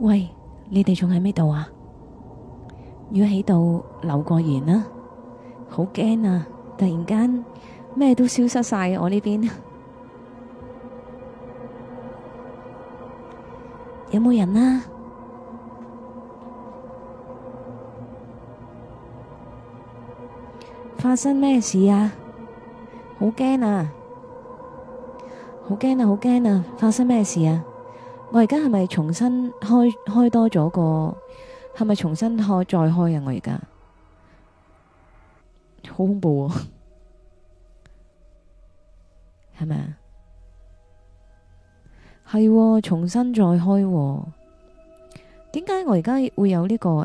喂，你哋仲喺咩度啊？如果喺度留個言啦，好驚啊！突然間咩都消失晒，我呢邊。有冇人啊？發生咩事啊？好驚啊！好驚啊！好驚啊！發生咩事啊？我而家係咪重新開開多咗個？係咪重新開再開啊？我而家好恐怖啊！ 係咪？係、嗯、重新再開、喔，點解我而家會有呢、呢個誒？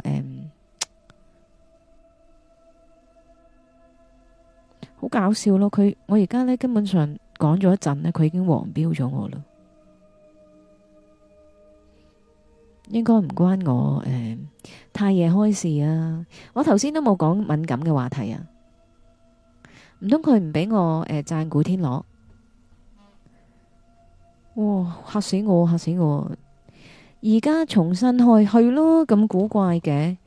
好、嗯、搞笑咯！佢我而家呢，根本上講咗一陣咧，佢已經黃標咗我啦。應該唔關我誒、嗯，太夜開事啊！我頭先都冇講敏感嘅話題啊，唔通佢唔畀我誒讚古天樂？哇！嚇死我，嚇死我！而家重新開，去咯，咁古怪嘅。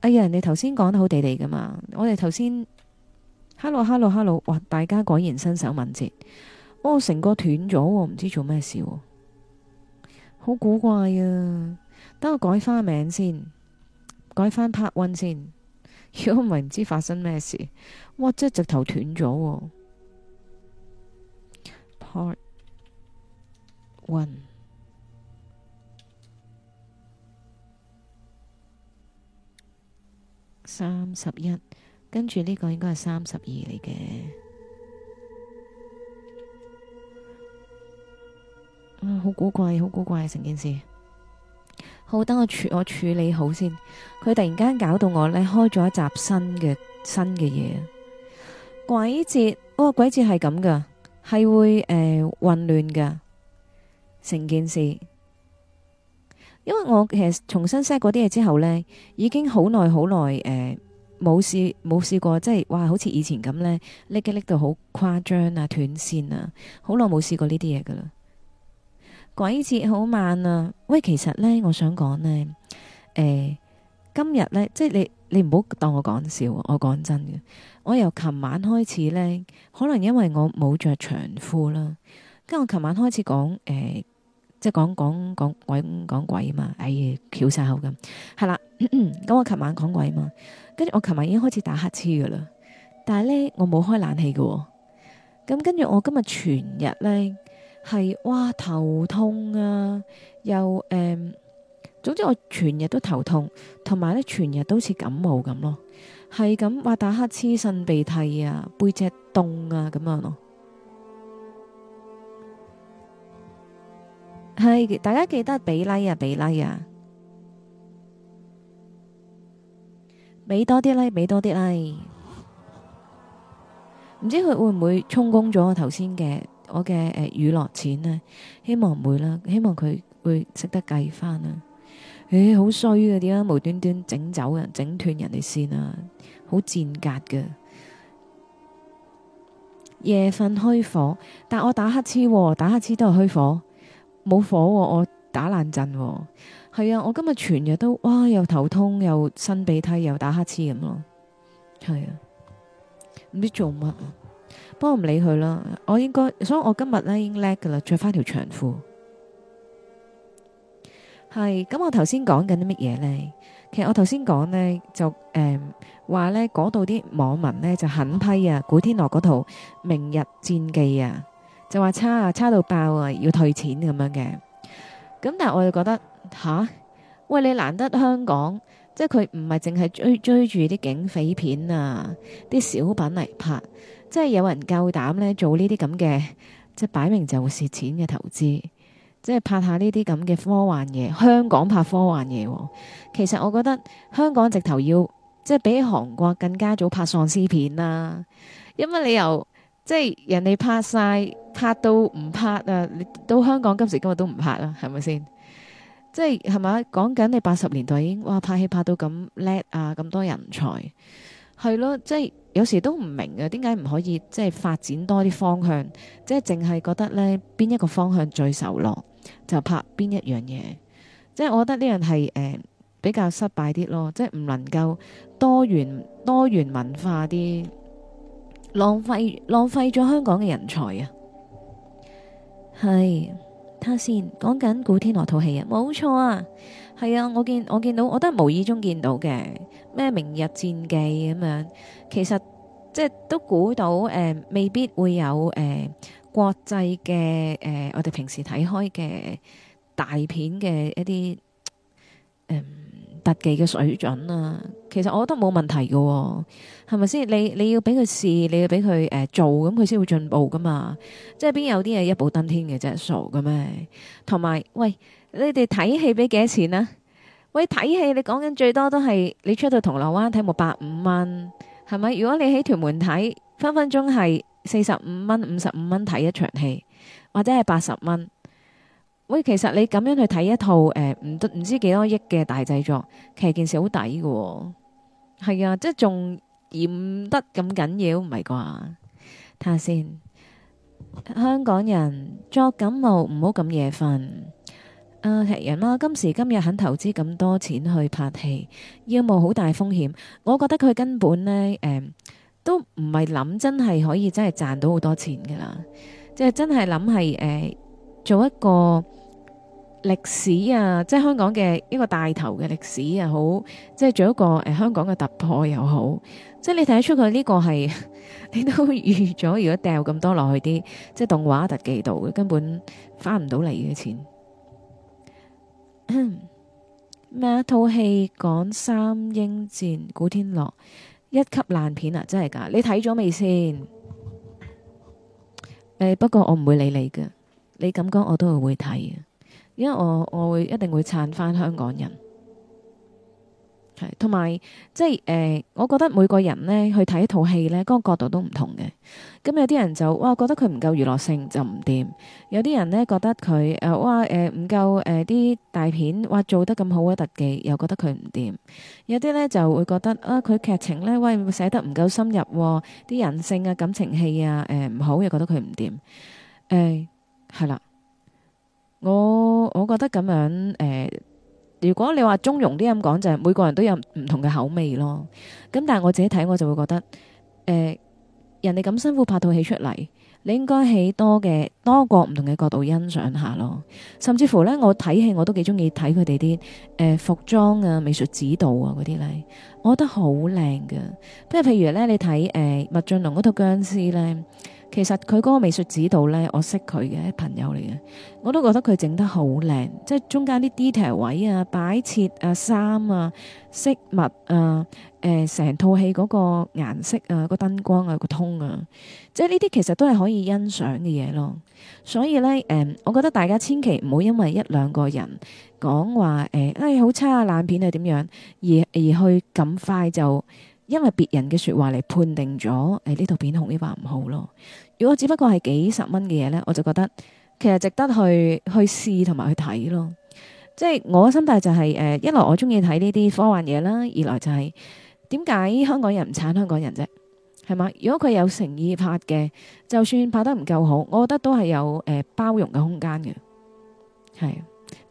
哎呀，人哋頭先講得好地地噶嘛？我哋頭先，hello hello hello，哇！大家果然身手敏捷。我，成個斷咗，唔知做咩事，好古怪啊！等我改翻名先，改翻 part one 先。如果唔係，唔知發生咩事。哇！即係直頭斷咗。part 一、三十一，跟住呢個應該係三十二嚟嘅。好、啊、古怪，好古怪成、啊、件事。好，等我處我處理好先。佢突然間搞到我呢，開咗一集新嘅新嘅嘢。鬼節，哦，鬼節係咁噶，係會誒、呃、混亂噶。成件事，因為我其實重新 set 過啲嘢之後呢，已經好耐好耐誒，冇、呃、試冇試過，即係話，好似以前咁呢，拎嘅拎到好誇張啊，斷線啊，好耐冇試過呢啲嘢噶啦。鬼節好慢啊，喂，其實呢，我想講呢，誒、呃，今日呢，即係你你唔好當我講笑，我講真嘅，我由琴晚開始呢，可能因為我冇着長褲啦，跟住我琴晚開始講誒。呃即係講講講鬼講鬼啊嘛！哎，呀、呃，翹晒口咁，係、呃、啦。咁、呃嗯嗯嗯嗯、我琴晚講鬼啊嘛，跟住我琴晚已經開始打乞嗤噶啦，但係咧我冇開冷氣噶喎。咁跟住我今日全日咧係哇頭痛啊，又誒、呃，總之我全日都頭痛，同埋咧全日都似感冒咁咯，係咁話打乞嗤、擤鼻涕啊、背脊凍啊咁樣咯、啊。係，大家記得俾 like 啊！俾 like 啊！畀多啲 like，畀多啲 like。唔知佢會唔會充公咗我頭先嘅我嘅誒娛樂錢呢？希望唔會啦，希望佢會識得計翻啦。唉、欸，好衰啊！點解，無端端整走人，整斷人哋線啊，好賤格嘅。夜瞓虛火，但我打乞嗤、啊，打乞嗤都係虛火。冇火、啊，我打冷震、啊。係啊，我今日全日都，哇，又頭痛，又伸鼻涕，又打乞嗤咁咯。係啊，唔、啊、知做乜、啊、不過唔理佢啦，我應該，所以我今日已經叻噶啦，着翻條長褲。係，咁我頭先講緊啲乜嘢呢？其實我頭先講呢，就誒，話呢嗰度啲網民呢，就狠批啊，古天樂嗰套《明日戰記》啊。就話差啊，差到爆啊，要退錢咁樣嘅。咁但係我就覺得吓，喂，你難得香港，即係佢唔係淨係追追住啲警匪片啊，啲小品嚟拍，即係有人夠膽呢做呢啲咁嘅，即係擺明就蝕錢嘅投資，即係拍下呢啲咁嘅科幻嘢。香港拍科幻嘢、哦，其實我覺得香港直頭要即係比韓國更加早拍喪屍片啦、啊，有乜理由？即係人哋拍晒。拍到唔拍啊？你到香港今時今日都唔拍啦、啊，係咪先？即係係咪？講緊你八十年代已經哇拍戲拍到咁叻啊，咁多人才係咯。即係有時都唔明嘅、啊，點解唔可以即係發展多啲方向？即係淨係覺得呢邊一個方向最受落就拍邊一樣嘢。即係我覺得呢樣係誒比較失敗啲咯，即係唔能夠多元多元文化啲浪費浪費咗香港嘅人才啊！係，睇下先講緊古天樂套戲啊，冇錯啊，係啊，我見我見到我都係無意中見到嘅，咩明日戰記咁樣，其實即係都估到誒、呃，未必會有誒、呃、國際嘅誒、呃，我哋平時睇開嘅大片嘅一啲誒。呃特技嘅水準啊，其實我覺得冇問題嘅哦，係咪先？你你要俾佢試，你要俾佢誒做，咁佢先會進步噶嘛。即係邊有啲嘢一步登天嘅啫，傻嘅咩？同埋，喂，你哋睇戲俾幾多錢啊？喂，睇戲你講緊最多都係你出到銅鑼灣睇冇百五蚊，係咪？如果你喺屯門睇，分分鐘係四十五蚊、五十五蚊睇一場戲，或者係八十蚊。喂，其實你咁樣去睇一套誒，唔、呃、唔知幾多億嘅大製作，其實件事好抵嘅，係啊，即係仲嫌得咁緊要，唔係啩？睇下先。香港人作感冒，唔好咁夜瞓。啊、呃，人啊，今時今日肯投資咁多錢去拍戲，要冒好大風險。我覺得佢根本呢，誒、呃，都唔係諗真係可以真係賺到好多錢噶啦。即、就、係、是、真係諗係誒，做一個。歷史啊，即係香港嘅一個帶頭嘅歷史又、啊、好，即係做一個誒、呃、香港嘅突破又好，即係你睇得出佢呢個係 你都預咗。如果掉咁多落去啲，即係動畫特技度根本翻唔到嚟嘅錢。咩 一套戲講《三英戰古天樂》，一級爛片啊！真係㗎，你睇咗未先？誒、呃、不過我唔會理你嘅，你咁講我都會睇嘅。因為我我會一定會撐翻香港人，係同埋即係、呃、我覺得每個人呢去睇一套戲呢、嗰個角度都唔同嘅。咁有啲人就哇覺得佢唔夠娛樂性就唔掂，有啲人呢覺得佢誒哇唔夠啲大片哇、呃、做得咁好嘅特技，又覺得佢唔掂。有啲呢就會覺得啊佢劇情呢，喂、呃、寫得唔夠深入、喎，啲人性啊感情戲啊唔、呃、好，又覺得佢唔掂誒係啦。我我覺得咁樣誒、呃，如果你話中庸啲咁講，就係、是、每個人都有唔同嘅口味咯。咁但係我自己睇，我就會覺得誒、呃，人哋咁辛苦拍套戲出嚟，你應該喺多嘅多個唔同嘅角度欣賞下咯。甚至乎呢，我睇戲我都幾中意睇佢哋啲誒服裝啊、美術指導啊嗰啲呢。我覺得好靚㗎！不過譬如呢，你睇誒麥浚龍嗰套《殭屍》呢。其實佢嗰個美術指導呢，我識佢嘅朋友嚟嘅，我都覺得佢整得好靚，即係中間啲 detail 位啊、擺設啊、衫啊、飾物啊、誒成套戲嗰個顏色啊、個、啊、燈光啊、個通啊，即係呢啲其實都係可以欣賞嘅嘢咯。所以呢、呃，我覺得大家千祈唔好因為一兩個人講話誒，好、呃哎、差啊、爛片係點樣，而而去咁快就。因為別人嘅說話嚟，判定咗，誒呢套片紅呢拍唔好咯。如果只不過係幾十蚊嘅嘢呢，我就覺得其實值得去去試同埋去睇咯。即係我心態就係、是，誒、呃、一來我中意睇呢啲科幻嘢啦，二來就係點解香港人唔撐香港人啫，係嘛？如果佢有誠意拍嘅，就算拍得唔夠好，我覺得都係有誒、呃、包容嘅空間嘅，係。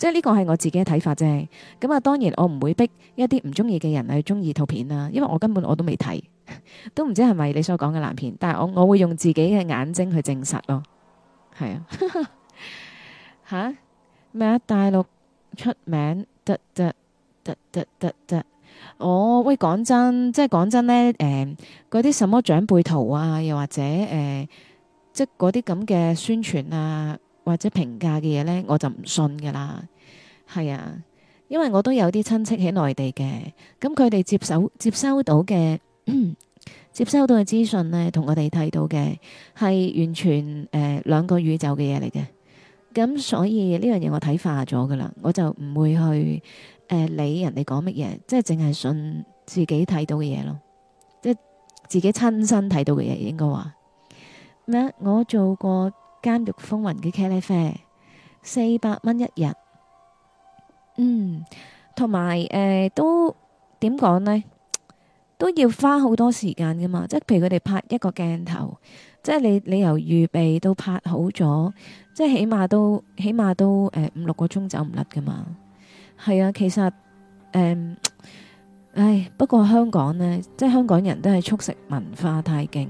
即係呢個係我自己嘅睇法啫。咁啊，當然我唔會逼一啲唔中意嘅人去中意套片啦，因為我根本我都未睇，都唔知係咪你所講嘅爛片。但係我我會用自己嘅眼睛去證實咯。係啊，吓 咩啊？大陸出名得得得得得得，我、哦、喂講真，即係講真咧，誒、呃，嗰啲什麼長輩圖啊，又或者誒、呃，即係嗰啲咁嘅宣傳啊。或者評價嘅嘢呢，我就唔信噶啦，係啊，因為我都有啲親戚喺內地嘅，咁佢哋接手接收到嘅 接收到嘅資訊呢，同我哋睇到嘅係完全誒兩、呃、個宇宙嘅嘢嚟嘅，咁所以呢樣嘢我睇化咗噶啦，我就唔會去、呃、理人哋講乜嘢，即係淨係信自己睇到嘅嘢咯，即係自己親身睇到嘅嘢應該話咩？我做過。監獄風雲嘅茄哩啡四百蚊一日，嗯，同埋誒都點講呢？都要花好多時間噶嘛，即係譬如佢哋拍一個鏡頭，即係你你由預備到拍好咗，即係起碼都起碼都誒五六個鐘走唔甩噶嘛。係啊，其實誒，唉，不過香港呢，即係香港人都係速食文化太勁，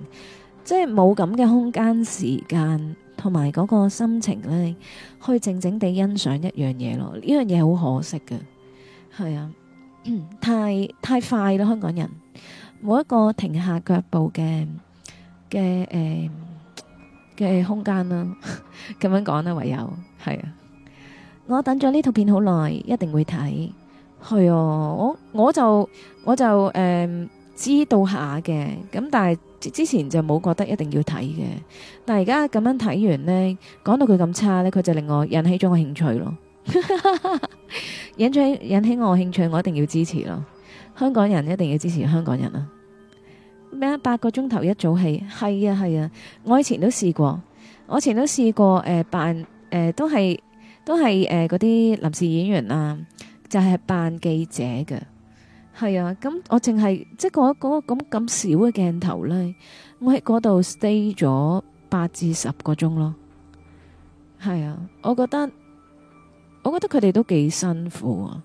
即係冇咁嘅空間時間。同埋嗰個心情咧，去靜靜地欣賞一樣嘢咯。呢樣嘢好可惜㗎，係啊，嗯、太太快啦！香港人冇一個停下腳步嘅嘅誒嘅空間啦。咁樣講啦，唯有係啊。我等咗呢套片好耐，一定會睇。係哦、啊，我我就我就誒、呃、知道一下嘅，咁但係。之前就冇覺得一定要睇嘅，但係而家咁樣睇完呢，講到佢咁差呢，佢就令我引起咗我興趣咯，引 起引起我興趣，我一定要支持咯。香港人一定要支持香港人啊。咩八個鐘頭一組戲，係啊係啊，我以前都試過，我以前都試過誒，扮、呃、誒、呃、都係都係誒嗰啲臨時演員啊，就係、是、扮記者嘅。係啊，咁我淨係即係嗰嗰個咁咁少嘅鏡頭呢，我喺嗰度 stay 咗八至十個鐘咯。係啊，我覺得我覺得佢哋都幾辛苦啊，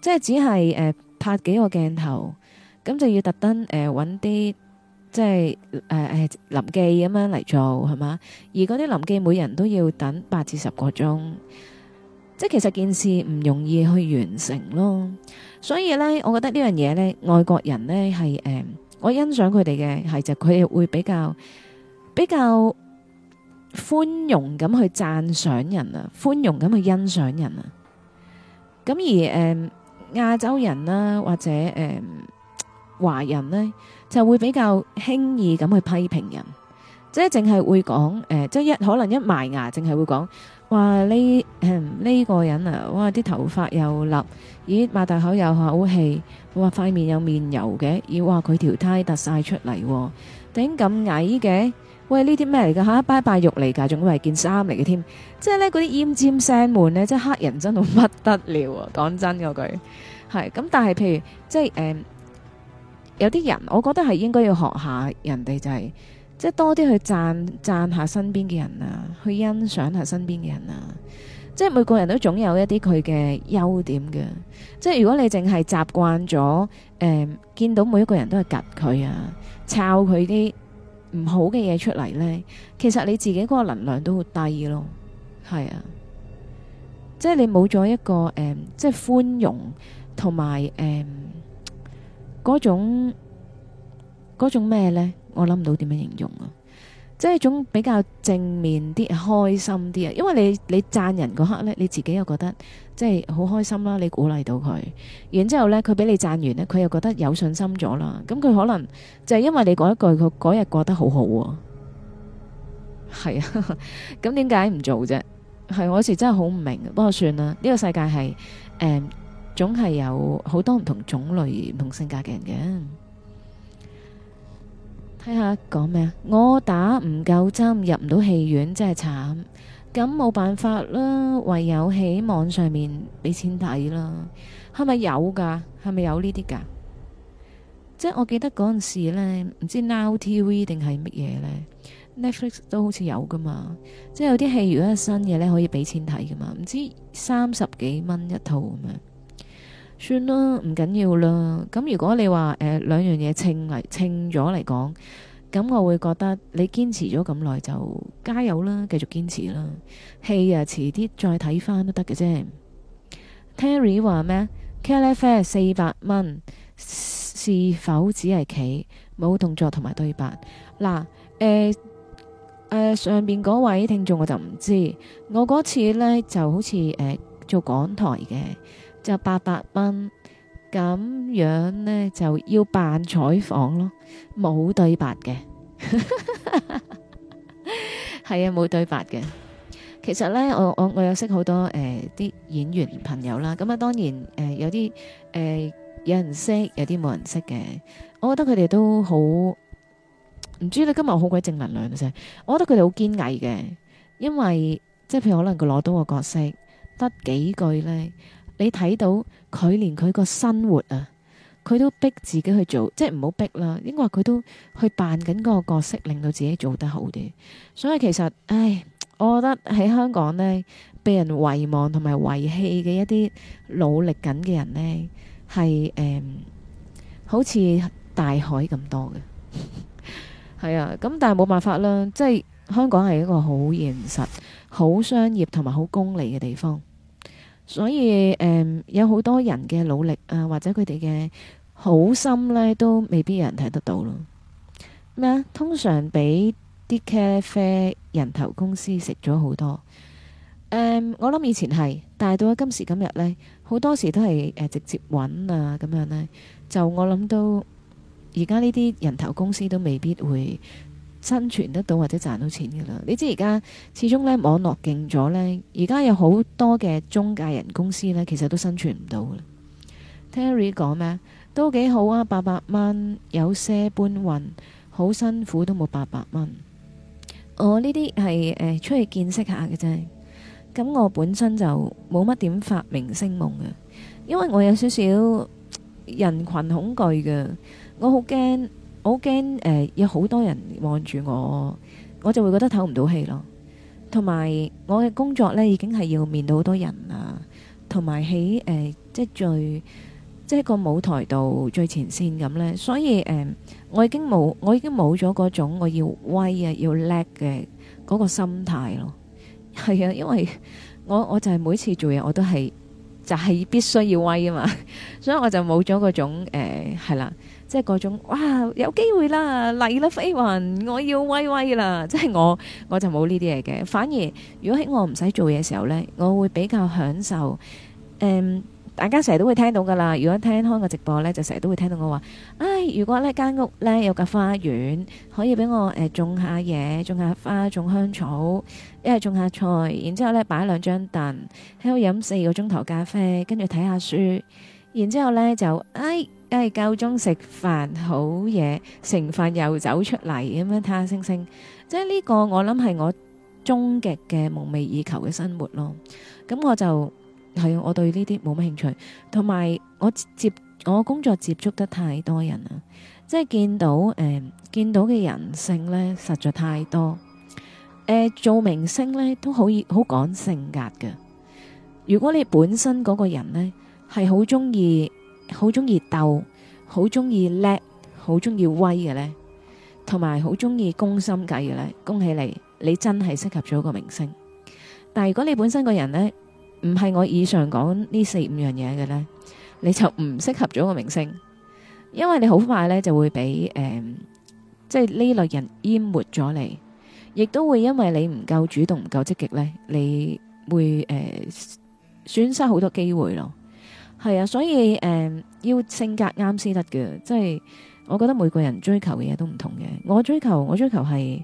即係只係誒、呃、拍幾個鏡頭，咁就要特登誒搵啲即係、呃、臨記咁樣嚟做係嘛，而嗰啲臨記每人都要等八至十個鐘。即係其實件事唔容易去完成咯，所以呢，我覺得呢樣嘢呢，外國人呢係誒、呃，我欣賞佢哋嘅係就佢哋會比較比較寬容咁去讚賞人啊，寬容咁去欣賞人啊。咁而誒呃、亞洲人啦或者誒呃、華人呢，就會比較輕易咁去批評人，即係淨係會講誒、呃，即係一可能一埋牙，淨係會講。話呢呢個人啊，哇！啲頭髮又立，咦，擘大口有口氣，話塊面有面油嘅，咦，話佢條胎凸晒出嚟，頂咁矮嘅，喂！呢啲咩嚟噶吓？拜拜肉嚟噶，仲以為件衫嚟嘅添，即係咧嗰啲腌尖聲門咧，即係黑人真到不得了啊！講真嗰句，係咁，但係譬如即係誒、嗯，有啲人，我覺得係應該要學下人哋就係、是。即係多啲去讚讚下身邊嘅人啊，去欣賞下身邊嘅人啊。即係每個人都總有一啲佢嘅優點嘅。即係如果你淨係習慣咗誒見到每一個人都係夾佢啊，抄佢啲唔好嘅嘢出嚟呢，其實你自己嗰個能量都好低咯。係啊，即係你冇咗一個誒、嗯，即係寬容同埋誒嗰種嗰種咩呢？我諗唔到點樣形容啊，即係一種比較正面啲、開心啲啊，因為你你讚人嗰刻呢，你自己又覺得即係好開心啦，你鼓勵到佢，然之後咧佢俾你讚完呢，佢又覺得有信心咗啦，咁佢可能就係因為你嗰一句，佢嗰日過得好好啊，係啊，咁點解唔做啫？係我時真係好唔明白，不過算啦，呢個世界係誒、嗯，總係有好多唔同種類、唔同性格嘅人嘅。睇下講咩？我打唔夠針入唔到戲院，真係慘。咁冇辦法啦，唯有喺網上面俾錢睇啦。係咪有噶？係咪有呢啲噶？即係我記得嗰陣時呢，唔知 now TV 定係乜嘢呢，Netflix 都好似有噶嘛。即係有啲戲如果係新嘢呢，可以俾錢睇噶嘛。唔知三十幾蚊一套咁樣。算啦，唔緊要啦。咁如果你話誒、呃、兩樣嘢稱嚟稱咗嚟講，咁我會覺得你堅持咗咁耐就加油啦，繼續堅持啦。戲啊，遲啲再睇翻都得嘅啫。Terry 話咩？KLF 四百蚊是否只係企冇動作同埋對白嗱、呃呃？上面嗰位聽眾我就唔知。我嗰次呢就好似、呃、做港台嘅。就八百蚊咁樣呢就要扮採訪咯，冇對白嘅。係 啊，冇對白嘅。其實呢，我我我有識好多誒啲、呃、演員朋友啦。咁啊，當然誒、呃、有啲誒、呃、有人識，有啲冇人識嘅。我覺得佢哋都好唔知咧。今日我好鬼正能量嘅，真我覺得佢哋好堅毅嘅，因為即係譬如可能佢攞到個角色得幾句呢。你睇到佢連佢個生活啊，佢都逼自己去做，即係唔好逼啦。應該話佢都去扮緊嗰個角色，令到自己做得好啲。所以其實，唉，我覺得喺香港呢，被人遺忘同埋遺棄嘅一啲努力緊嘅人呢，係誒、嗯，好似大海咁多嘅。係 啊，咁但係冇辦法啦，即係香港係一個好現實、好商業同埋好功利嘅地方。所以，誒、嗯、有好多人嘅努力啊，或者佢哋嘅好心呢，都未必有人睇得到咯。咩、嗯、啊？通常俾啲咖啡人頭公司食咗好多。嗯、我諗以前係，但係到咗今時今日呢，好多時都係誒、呃、直接揾啊咁樣呢，就我諗到而家呢啲人頭公司都未必會。生存得到或者賺到錢嘅啦，你知而家始終呢，網絡勁咗呢，而家有好多嘅中介人公司呢，其實都生存唔到啦。Terry 講咩都幾好啊，八百蚊有些搬運好辛苦都冇八百蚊。我呢啲係誒出去見識下嘅啫，咁我本身就冇乜點發明星夢嘅，因為我有少少人群恐懼嘅，我好驚。好驚誒，有好多人望住我，我就會覺得透唔到氣咯。同埋我嘅工作呢，已經係要面對好多人啦。同埋喺誒，即係最即係個舞台度最前線咁呢。所以誒，我已經冇，我已經冇咗嗰種我要威啊，要叻嘅嗰個心態咯。係啊，因為我我就係每次做嘢，我都係就係必須要威啊嘛。所以我就冇咗嗰種誒，係啦。即係嗰種哇，有機會啦，嚟啦飛雲，我要威威啦！即係我我就冇呢啲嘢嘅，反而如果喺我唔使做嘢時候呢，我會比較享受。嗯，大家成日都會聽到噶啦。如果聽開個直播呢，就成日都會聽到我話：唉，如果呢間屋呢有個花園，可以俾我誒種下嘢，種下花，種香草，一係種下菜，然之後呢，擺兩張凳，喺度飲四個鐘頭咖啡，跟住睇下書，然之後呢，就唉。因為，夠鐘食飯好嘢，食飯又走出嚟咁樣睇下星星，即係呢個我諗係我終極嘅夢寐以求嘅生活咯。咁我就係我對呢啲冇乜興趣，同埋我接我工作接觸得太多人啦，即係見到誒、呃、見到嘅人性呢實在太多。誒、呃，做明星呢都好易好講性格嘅，如果你本身嗰個人呢，係好中意。好中意鬥，好中意叻，好中意威嘅呢，同埋好中意攻心計嘅呢。恭喜你，你真係適合咗個明星。但係如果你本身個人呢，唔係我以上講呢四五樣嘢嘅呢，你就唔適合咗個明星，因為你好快呢就會俾誒，即係呢類人淹沒咗你，亦都會因為你唔夠主動唔夠積極呢，你會誒、呃、損失好多機會咯。係啊，所以誒、嗯、要性格啱先得嘅，即係我覺得每個人追求嘅嘢都唔同嘅。我追求我追求係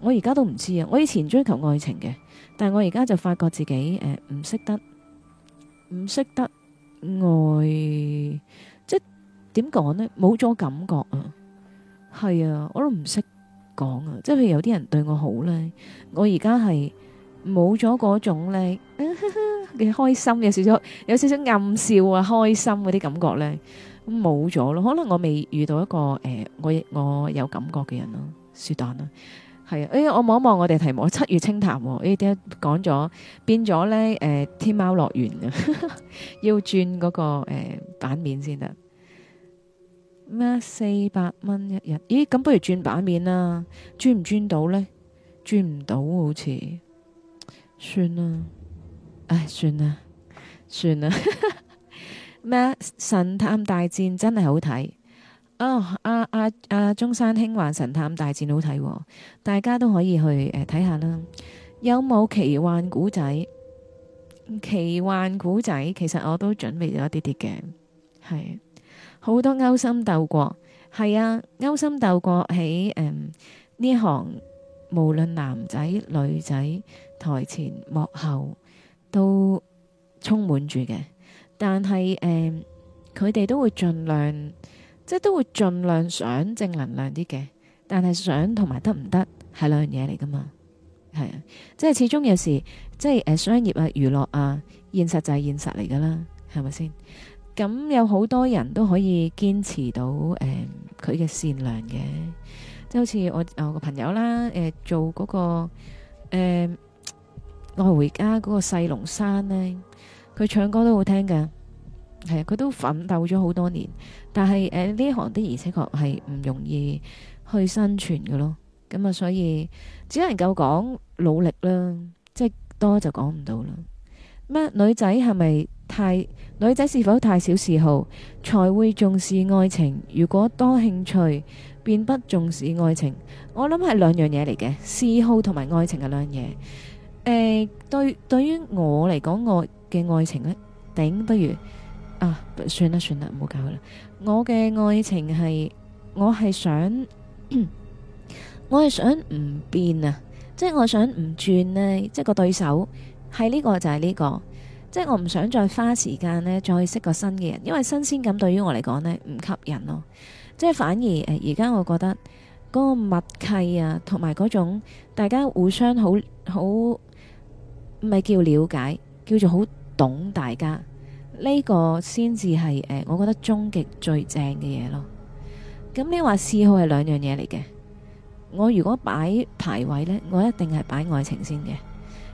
我而家都唔知啊。我以前追求愛情嘅，但係我而家就發覺自己誒唔識得唔識得愛，即係點講咧？冇咗感覺啊！係啊，我都唔識講啊！即係有啲人對我好咧，我而家係。冇咗嗰種咧，幾 開心有少少有少少暗笑啊，開心嗰啲感覺咧冇咗咯。可能我未遇到一個誒、呃，我我有感覺嘅人咯，雪蛋咯係啊。誒、啊欸，我望一望我哋題目七月清談、啊，誒、欸，點解講咗變咗咧？誒、呃，天喵樂園要轉嗰、那個誒、呃、版面先得咩？四百蚊一日，咦？咁不如轉版面啦、啊，轉唔轉到呢？轉唔到，好似。算啦，唉、哎，算啦，算啦。咩 神探大戰真係好睇、哦、啊！阿阿阿中山興話神探大戰好睇、哦，大家都可以去誒睇下啦。有冇奇幻古仔？奇幻古仔其實我都準備咗一啲啲嘅，係好多勾心鬥角。係啊，勾心鬥角喺誒呢行，無論男仔女仔。台前幕後都充滿住嘅，但係誒，佢、嗯、哋都會盡量，即係都會盡量想正能量啲嘅。但係想同埋得唔得係兩樣嘢嚟噶嘛？係啊，即係始終有時，即係誒、呃，商業啊，娛樂啊，現實就係現實嚟噶啦，係咪先？咁有好多人都可以堅持到誒，佢、呃、嘅善良嘅，即係好似我我個朋友啦，誒、呃，做嗰、嗰個誒。呃愛回家嗰個細龍山呢，佢唱歌都好聽嘅，係啊，佢都奮鬥咗好多年。但係誒呢行的而且確係唔容易去生存噶咯，咁啊，所以只能夠講努力啦，即係多就講唔到啦。乜女仔係咪太女仔是否太少嗜好，才會重視愛情？如果多興趣，便不重視愛情。我諗係兩樣嘢嚟嘅，嗜好同埋愛情係兩樣嘢。誒、呃，對對於我嚟講，我嘅愛情呢，頂不如啊，算啦算啦，唔好搞啦。我嘅愛情係，我係想， 我係想唔變啊，即係我係想唔轉呢、啊，即係個對手係呢個就係呢、這個，即係我唔想再花時間呢，再識個新嘅人，因為新鮮感對於我嚟講呢，唔吸引咯、啊，即係反而而家、呃、我覺得嗰個默契啊，同埋嗰種大家互相好好。很唔係叫了解，叫做好懂大家，呢個先至係誒，我覺得終極最正嘅嘢咯。咁你話嗜好係兩樣嘢嚟嘅，我如果擺排位呢，我一定係擺愛情先嘅，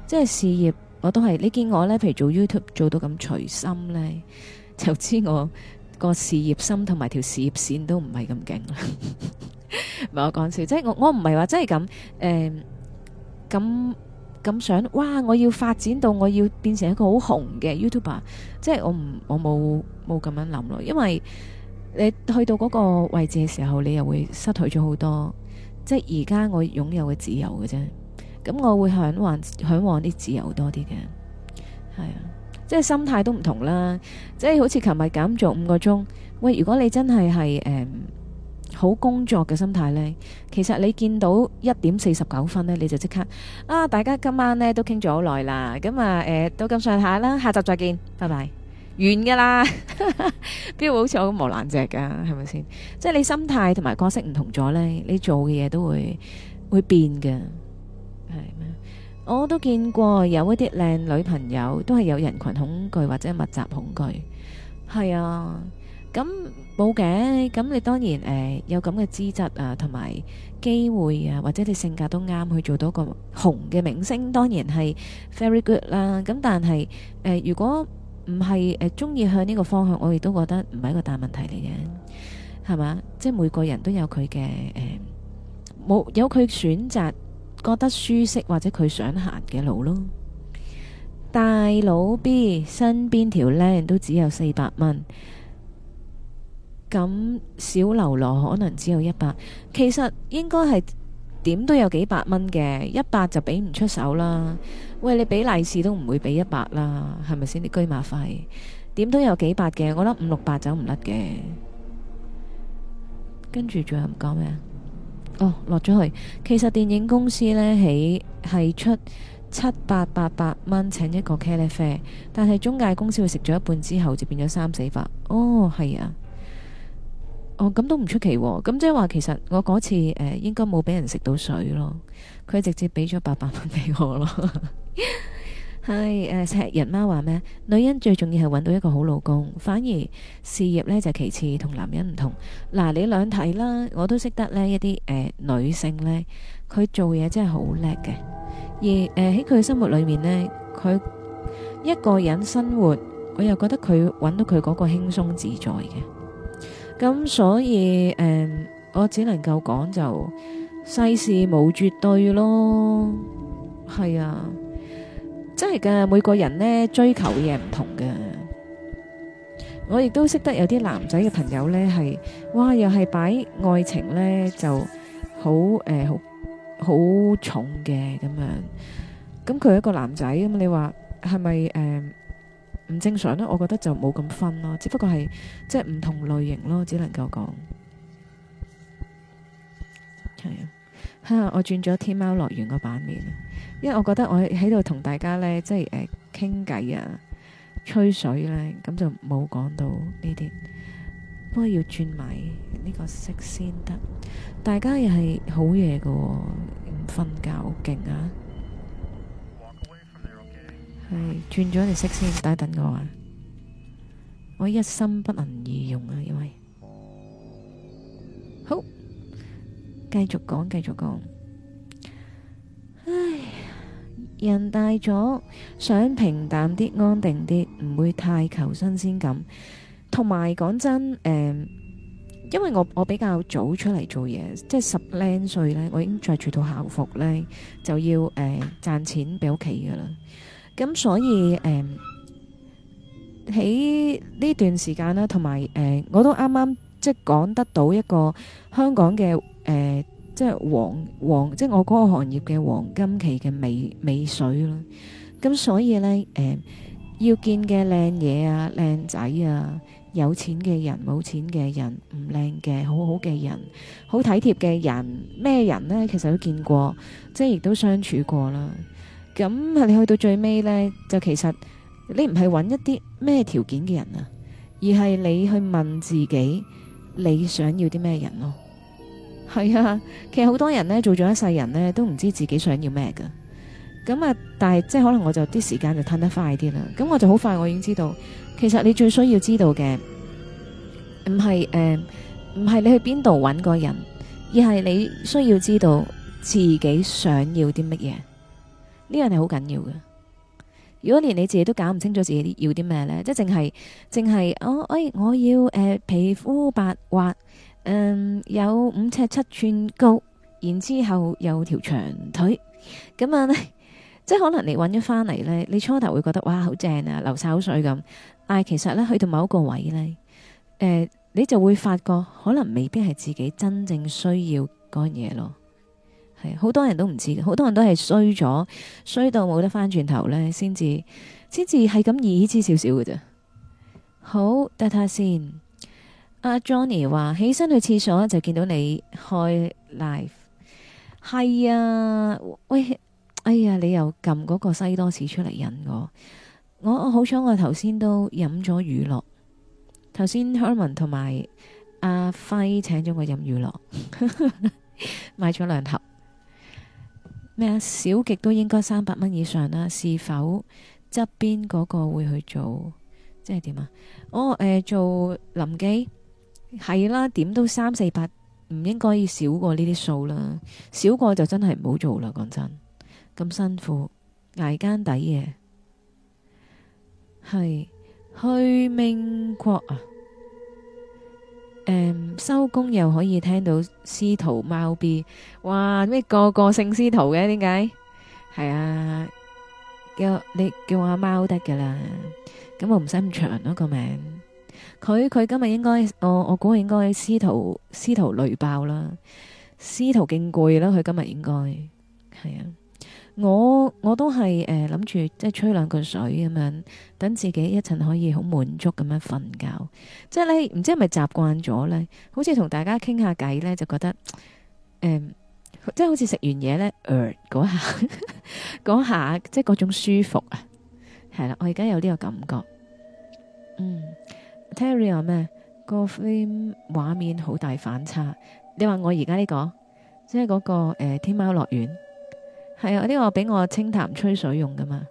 即係事業我都係。你見我呢，譬如做 YouTube 做到咁隨心呢，就知我個事業心同埋條事業線都唔係咁勁啦。唔 係我講笑，即係我我唔係話真係咁誒咁。呃咁想哇！我要發展到我要變成一個好紅嘅 YouTuber，即係我唔我冇冇咁樣諗咯，因為你去到嗰個位置嘅時候，你又會失去咗好多。即係而家我擁有嘅自由嘅啫，咁我會嚮往嚮往啲自由多啲嘅，係啊，即係心態都唔同啦。即係好似琴日減做五個鐘，喂，如果你真係係誒好工作嘅心態呢，其實你見到一點四十九分呢，你就即刻啊！大家今晚呢都傾咗好耐啦，咁啊誒都咁上下啦，下集再見，拜拜，完噶啦，邊會好似我咁磨爛只噶，係咪先？即係你心態同埋角色唔同咗呢，你做嘅嘢都會會變嘅，係咩？我都見過有一啲靚女朋友都係有人羣恐懼或者密集恐懼，係啊，咁。冇嘅，咁你當然誒有咁嘅資質啊，同埋機會啊，或者你性格都啱去做到個紅嘅明星，當然係 very good 啦。咁但係誒，如果唔係誒，鍾意向呢個方向，我亦都覺得唔係一個大問題嚟嘅，係嘛？即係每個人都有佢嘅誒，冇有佢選擇覺得舒適或者佢想行嘅路咯。大佬 B 身邊條靚都只有四百蚊。咁小流羅可能只有一百，其實應該係點都有幾百蚊嘅，一百就俾唔出手啦。喂，你俾利是都唔會俾一百啦，係咪先？啲居馬費點都有幾百嘅，我諗五六百走唔甩嘅。跟住仲有唔講咩啊？哦，落咗去。其實電影公司呢，起係出七八百蚊，請一個茄喱啡，但係中介公司會食咗一半之後，就變咗三四百。哦，係啊。哦，咁都唔出奇喎。哦，咁即係話其實我嗰次誒、呃、應該冇俾人食到水咯，佢直接俾咗八百蚊俾我咯。係 誒、呃，石人媽話咩？女人最重要係搵到一個好老公，反而事業呢就其次，同男人唔同。嗱、啊，你兩睇啦，我都識得呢一啲誒、呃、女性呢，佢做嘢真係好叻嘅，而誒喺佢嘅生活裏面呢，佢一個人生活，我又覺得佢搵到佢嗰個輕鬆自在嘅。咁所以，誒，我只能夠講就世事冇絕對咯，係啊，真係㗎，每個人呢追求嘢唔同嘅。我亦都識得有啲男仔嘅朋友呢，係，哇，又係擺愛情呢就好，誒，好好重嘅咁樣。咁佢係一個男仔咁，你話係咪誒？唔正常囉，我覺得就冇咁分咯，只不過係即係唔同類型咯，只能夠講係啊嚇！我轉咗天喵樂園個版面，因為我覺得我喺度同大家呢，即係誒傾偈啊、吹水呢，咁就冇講到呢啲，不過要轉埋呢個色先得。大家又係好夜嘅，唔瞓覺好勁啊！係轉咗你色先，等一等我啊！我一心不能二用啊，因為好繼續講，繼續講。唉，人大咗，想平淡啲、安定啲，唔會太求新鮮感。同埋講真，誒、呃，因為我我比較早出嚟做嘢，即係十零歲呢，我已經着住套校服呢，就要誒賺錢俾屋企噶啦。咁所以，誒喺呢段時間啦，同埋誒，我都啱啱即係講得到一個香港嘅誒，即係黃黃，即係我嗰個行業嘅黃金期嘅尾尾水啦。咁所以咧，誒要見嘅靚嘢啊、靚仔啊、有錢嘅人、冇錢嘅人、唔靚嘅、好好嘅人、好體貼嘅人，咩人咧？其實都見過，即係亦都相處過啦。咁係你去到最尾呢，就其實你唔係搵一啲咩條件嘅人啊，而係你去問自己，你想要啲咩人咯？係啊，其實好多人呢，做咗一世人呢都唔知自己想要咩噶。咁啊，但係即係可能我就啲時間就褪得快啲啦。咁我就好快我已經知道，其實你最需要知道嘅，唔係誒，唔係你去邊度搵個人，而係你需要知道自己想要啲乜嘢。呢樣係好緊要嘅。如果連你自己都搞唔清楚自己要啲咩呢？即係淨係淨係，我誒我要誒、呃、皮膚白滑，嗯、呃、有五尺七寸高，然之後有條長腿，咁啊呢，即係可能你揾咗翻嚟呢，你初頭會覺得哇好正啊，流晒口水咁，但係其實呢，去到某一個位呢，誒、呃、你就會發覺可能未必係自己真正需要嗰樣嘢咯。係好多人都唔知嘅，好多人都係衰咗，衰到冇得翻轉頭咧，先至先至係咁意思少少嘅啫。好得下先。阿、啊、Johnny 話起身去廁所就見到你開 live。係啊，喂，哎呀，你又撳嗰個西多士出嚟引我。我好彩，我頭先都飲咗乳酪。頭先 Herman 同埋阿輝請咗我飲乳酪， 買咗兩盒。咩啊？少極都應該三百蚊以上啦。是否側邊嗰個會去做？即係點啊？哦、oh，呃，誒做臨記係啦，點都三四百，唔應該要少過呢啲數啦。少過就真係唔好做啦，講真，咁辛苦挨間底嘢係去明國啊！誒，收工、um, 又可以聽到司徒貓 B，哇咩個個姓司徒嘅，點解？係啊，叫你叫我阿貓得噶啦，咁我唔使咁長咯、啊個名。佢佢今日應該，我我估應該司徒司徒雷爆啦，司徒勁攰啦，佢今日應該係啊。我我都係誒，諗住即係吹兩個水咁樣，等自己一陣可以好滿足咁樣瞓覺。即係咧，唔知係咪習慣咗咧？好似同大家傾下偈咧，就覺得誒，呃，即係好似食完嘢咧，嗰，呃、下嗰 下即係嗰種舒服啊。係啦，我而家有呢個感覺。嗯，Terry 話咩？Man, 個片畫面好大反差。你話我而家呢個，即係嗰，那個誒，呃，天喵樂，樂園。係啊，呢個俾我清談吹水用噶嘛，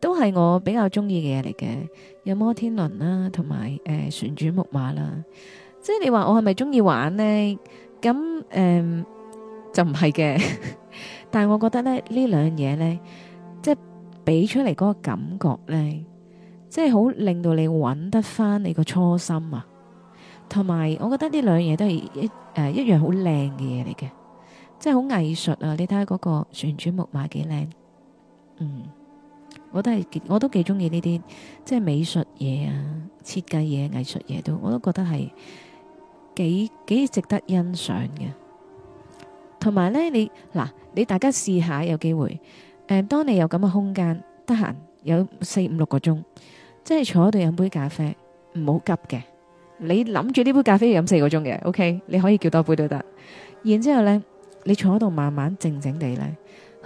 都係我比較中意嘅嘢嚟嘅。有摩天輪啦，同埋誒旋轉木馬啦。即係你話我係咪中意玩呢？咁誒、呃、就唔係嘅。 但係我覺得咧呢兩嘢呢，即係俾出嚟嗰個感覺呢，即係好令到你揾得翻你個初心啊。同埋，我覺得呢兩嘢都係一誒、呃、一樣好靚嘅嘢嚟嘅。即係好藝術啊！你睇下嗰個旋轉木馬幾靚，嗯，我都係我都幾中意呢啲即係美術嘢啊、設計嘢、藝術嘢都，我都覺得係幾幾值得欣賞嘅。同埋呢，你嗱，你大家試下有機會，誒、嗯，當你有咁嘅空間，得閒有四五六個鐘，即係坐喺度飲杯咖啡，唔好急嘅。你諗住呢杯咖啡要飲四個鐘嘅，OK，你可以叫多杯都得。然之後呢你坐喺度，慢慢靜靜地咧，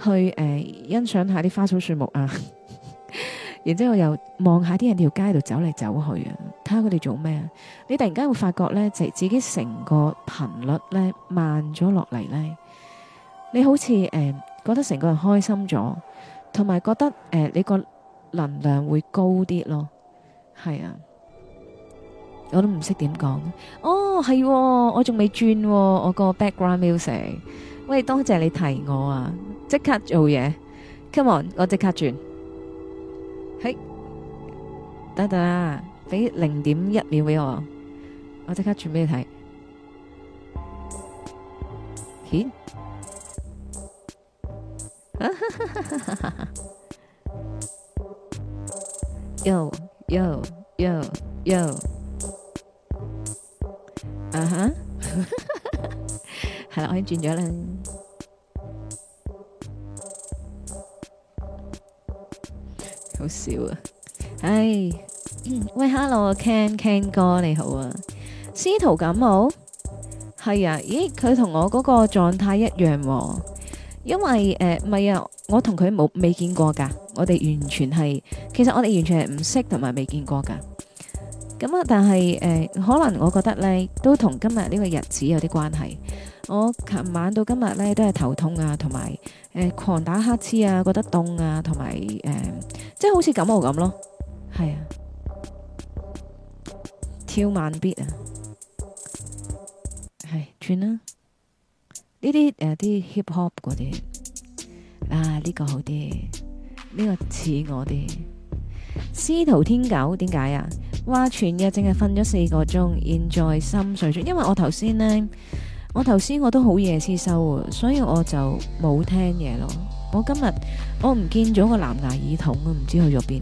去、呃、誒欣賞下啲花草樹木啊。 然之後又望下啲人條街度走嚟走去啊，睇下佢哋做咩啊。你突然間會發覺咧，就自己成個頻率咧慢咗落嚟咧。你好似誒、呃、覺得成個人開心咗，同埋覺得誒、呃、你個能量會高啲咯，係啊。我都唔識點講，哦、oh, 係、啊，我仲未轉我個 background music，喂多謝你提我啊，即刻做嘢，come on 我即刻轉，嘿、hey.，等等啊，俾零點一秒畀我，我即刻轉畀你睇？顯，啊哈哈哈哈哈哈，yo yo, yo, yo. 啊哈，係啦，我已經轉咗啦，好笑啊！哎，喂，Hello，Ken，Ken 哥你好啊，司徒感冒，係啊，咦，佢同我嗰個狀態一樣喎，因為誒，唔係啊，我同佢冇未見過噶，我哋完全係，其實我哋完全係唔識同埋未見過噶。咁啊！但係誒、呃，可能我覺得咧，都同今日呢個日子有啲關係。我琴晚到今日咧，都係頭痛啊，同埋誒狂打乞嗤啊，覺得凍啊，同埋誒，即係好似感冒咁咯。係啊，跳慢 beat 啊，係轉啦。呢啲誒啲 hip hop 嗰啲，啊呢、這個好啲，呢、這個似我啲。司徒天狗點解啊？哇，全日淨係瞓咗四個鐘，現在心碎咗。因為我頭先呢，我頭先我都好夜先收，所以我就冇聽嘢咯。我今日我唔見咗個藍牙耳筒啊，唔知去咗邊，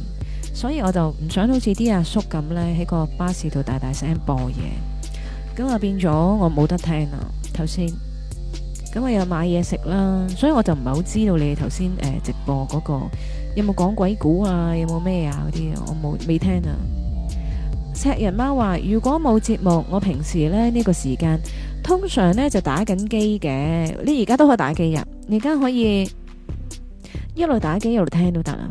所以我就唔想好似啲阿叔咁呢，喺個巴士度大大聲播嘢，咁啊，變咗我冇得聽啦。頭先咁我又買嘢食啦，所以我就唔係好知道你頭先誒直播嗰個有冇講鬼故啊，有冇咩啊嗰啲，我冇未聽啊。赤人貓話：如果冇節目，我平時咧呢，呢個時間通常咧就打緊機嘅。你而家都可以打機，啊、你而家可以一路打機一路聽都得啦。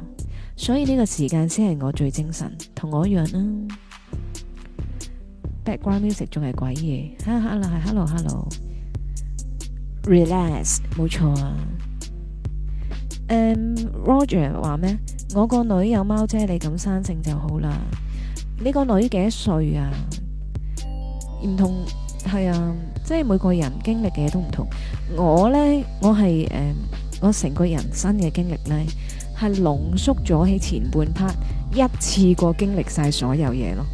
所以呢個時間先係我最精神，同我一樣啦，啊。Background music 仲係鬼嘢，哈啦係，hello hello，relax，冇 ed. 錯啊。Roger 話咩？我個女有貓姐，你咁生性就好啦。你個女幾多歲啊？唔同係啊，即係每個人經歷嘅嘢都唔同。我呢，我係誒、呃，我成個人生嘅經歷呢，係濃縮咗喺前半 part 一次過經歷晒所有嘢咯。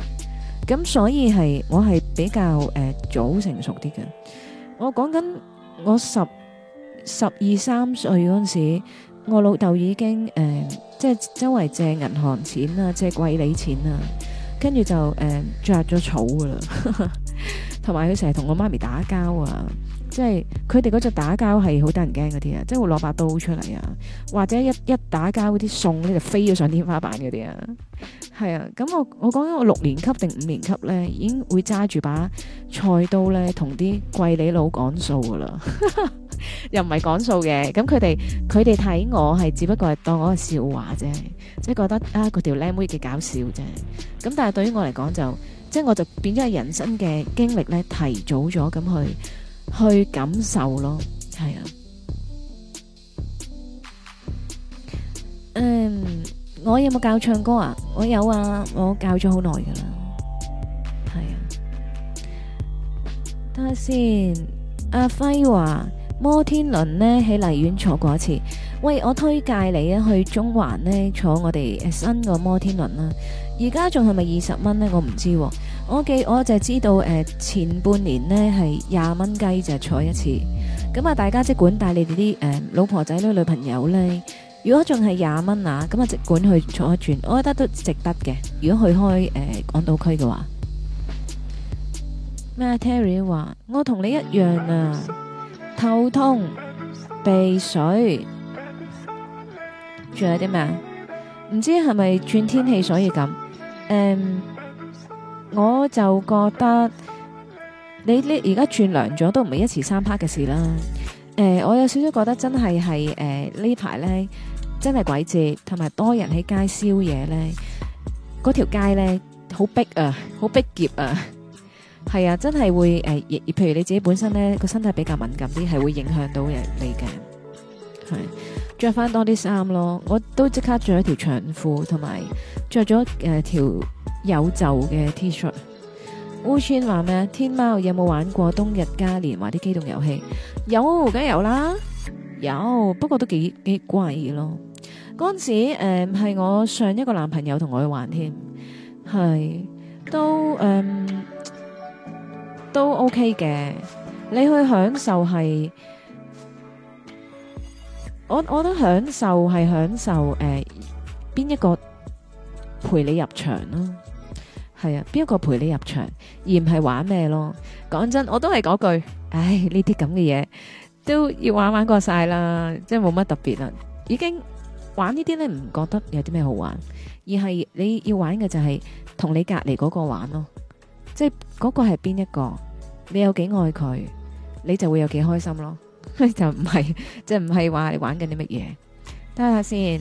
咁所以係我係比較誒、呃、早成熟啲嘅。我講緊我十十二三歲嗰陣時候，我老豆已經誒、呃，即係周圍借銀行錢啊，借貴利錢啊。嗯、了了 跟住就誒，嚼咗草噶啦，同埋佢成日同我媽咪打交啊！即係佢哋嗰隻打交係好得人驚嗰啲啊！即係會攞把刀出嚟啊，或者一一打交嗰啲餸咧就飛咗上天花板嗰啲啊！係啊，咁我我講緊我六年級定五年級咧，已經會揸住把菜刀咧，同啲貴利佬講數噶啦。又唔係講數嘅，咁佢哋、佢哋睇我係只不過係當我係笑話啫，即係覺得啊，嗰條靚妹幾搞笑啫。咁但係對於我嚟講就，即係我就變咗係人生嘅經歷咧，提早咗咁去去感受咯。係啊，嗯，我有冇教唱歌啊？我有啊，我教咗好耐噶啦。係啊，睇下先。阿輝話。摩天輪呢，喺荔園坐過一次，喂，我推介你啊去中環呢，坐我哋新個摩天輪啦。而家仲係咪二十蚊呢？我唔知道，我記我就知道誒，前半年呢係廿蚊雞就坐一次。咁啊，大家即管帶你哋啲誒老婆仔女、女朋友呢。如果仲係廿蚊啊，咁啊即管去坐一轉，我覺得都值得嘅。如果去開誒港、呃、島區嘅話，咩 Terry 話我同你一樣啊！頭痛、鼻水，仲有啲咩啊？唔知係咪轉天氣所以咁？誒，我就覺得你呢而家轉涼咗，都唔係一時三刻嘅事啦。誒，我有少少覺得真係係誒呢排咧，真係鬼節，同埋多人喺街宵夜咧，嗰條街咧好逼啊，好逼擠啊！係啊，真係會誒、呃，譬如你自己本身咧個身體比較敏感啲，係會影響到人你嘅。係着翻多啲衫咯，我都即刻着咗條長褲，同埋着咗誒條有袖嘅 T 恤。烏川話咩？天貓有冇玩過冬日嘉年華啲機動遊戲？有，梗有啦，有，不過都幾幾貴咯。嗰陣時誒係、呃、我上一個男朋友同我去玩添，係都誒。呃都 OK 嘅，你去享受係，我我都享受係享受誒，邊、呃、一個陪你入場咯，係啊，邊、啊、一個陪你入場，而唔係玩咩咯？講真，我都係嗰句，唉，呢啲咁嘅嘢都要玩玩過晒啦，即係冇乜特別啦，已經玩呢啲咧唔覺得有啲咩好玩，而係你要玩嘅就係同你隔籬嗰個玩咯。即係嗰、那個係邊一個，你有幾愛佢，你就會有幾開心咯。就唔係，即係唔係話你玩緊啲乜嘢，睇下先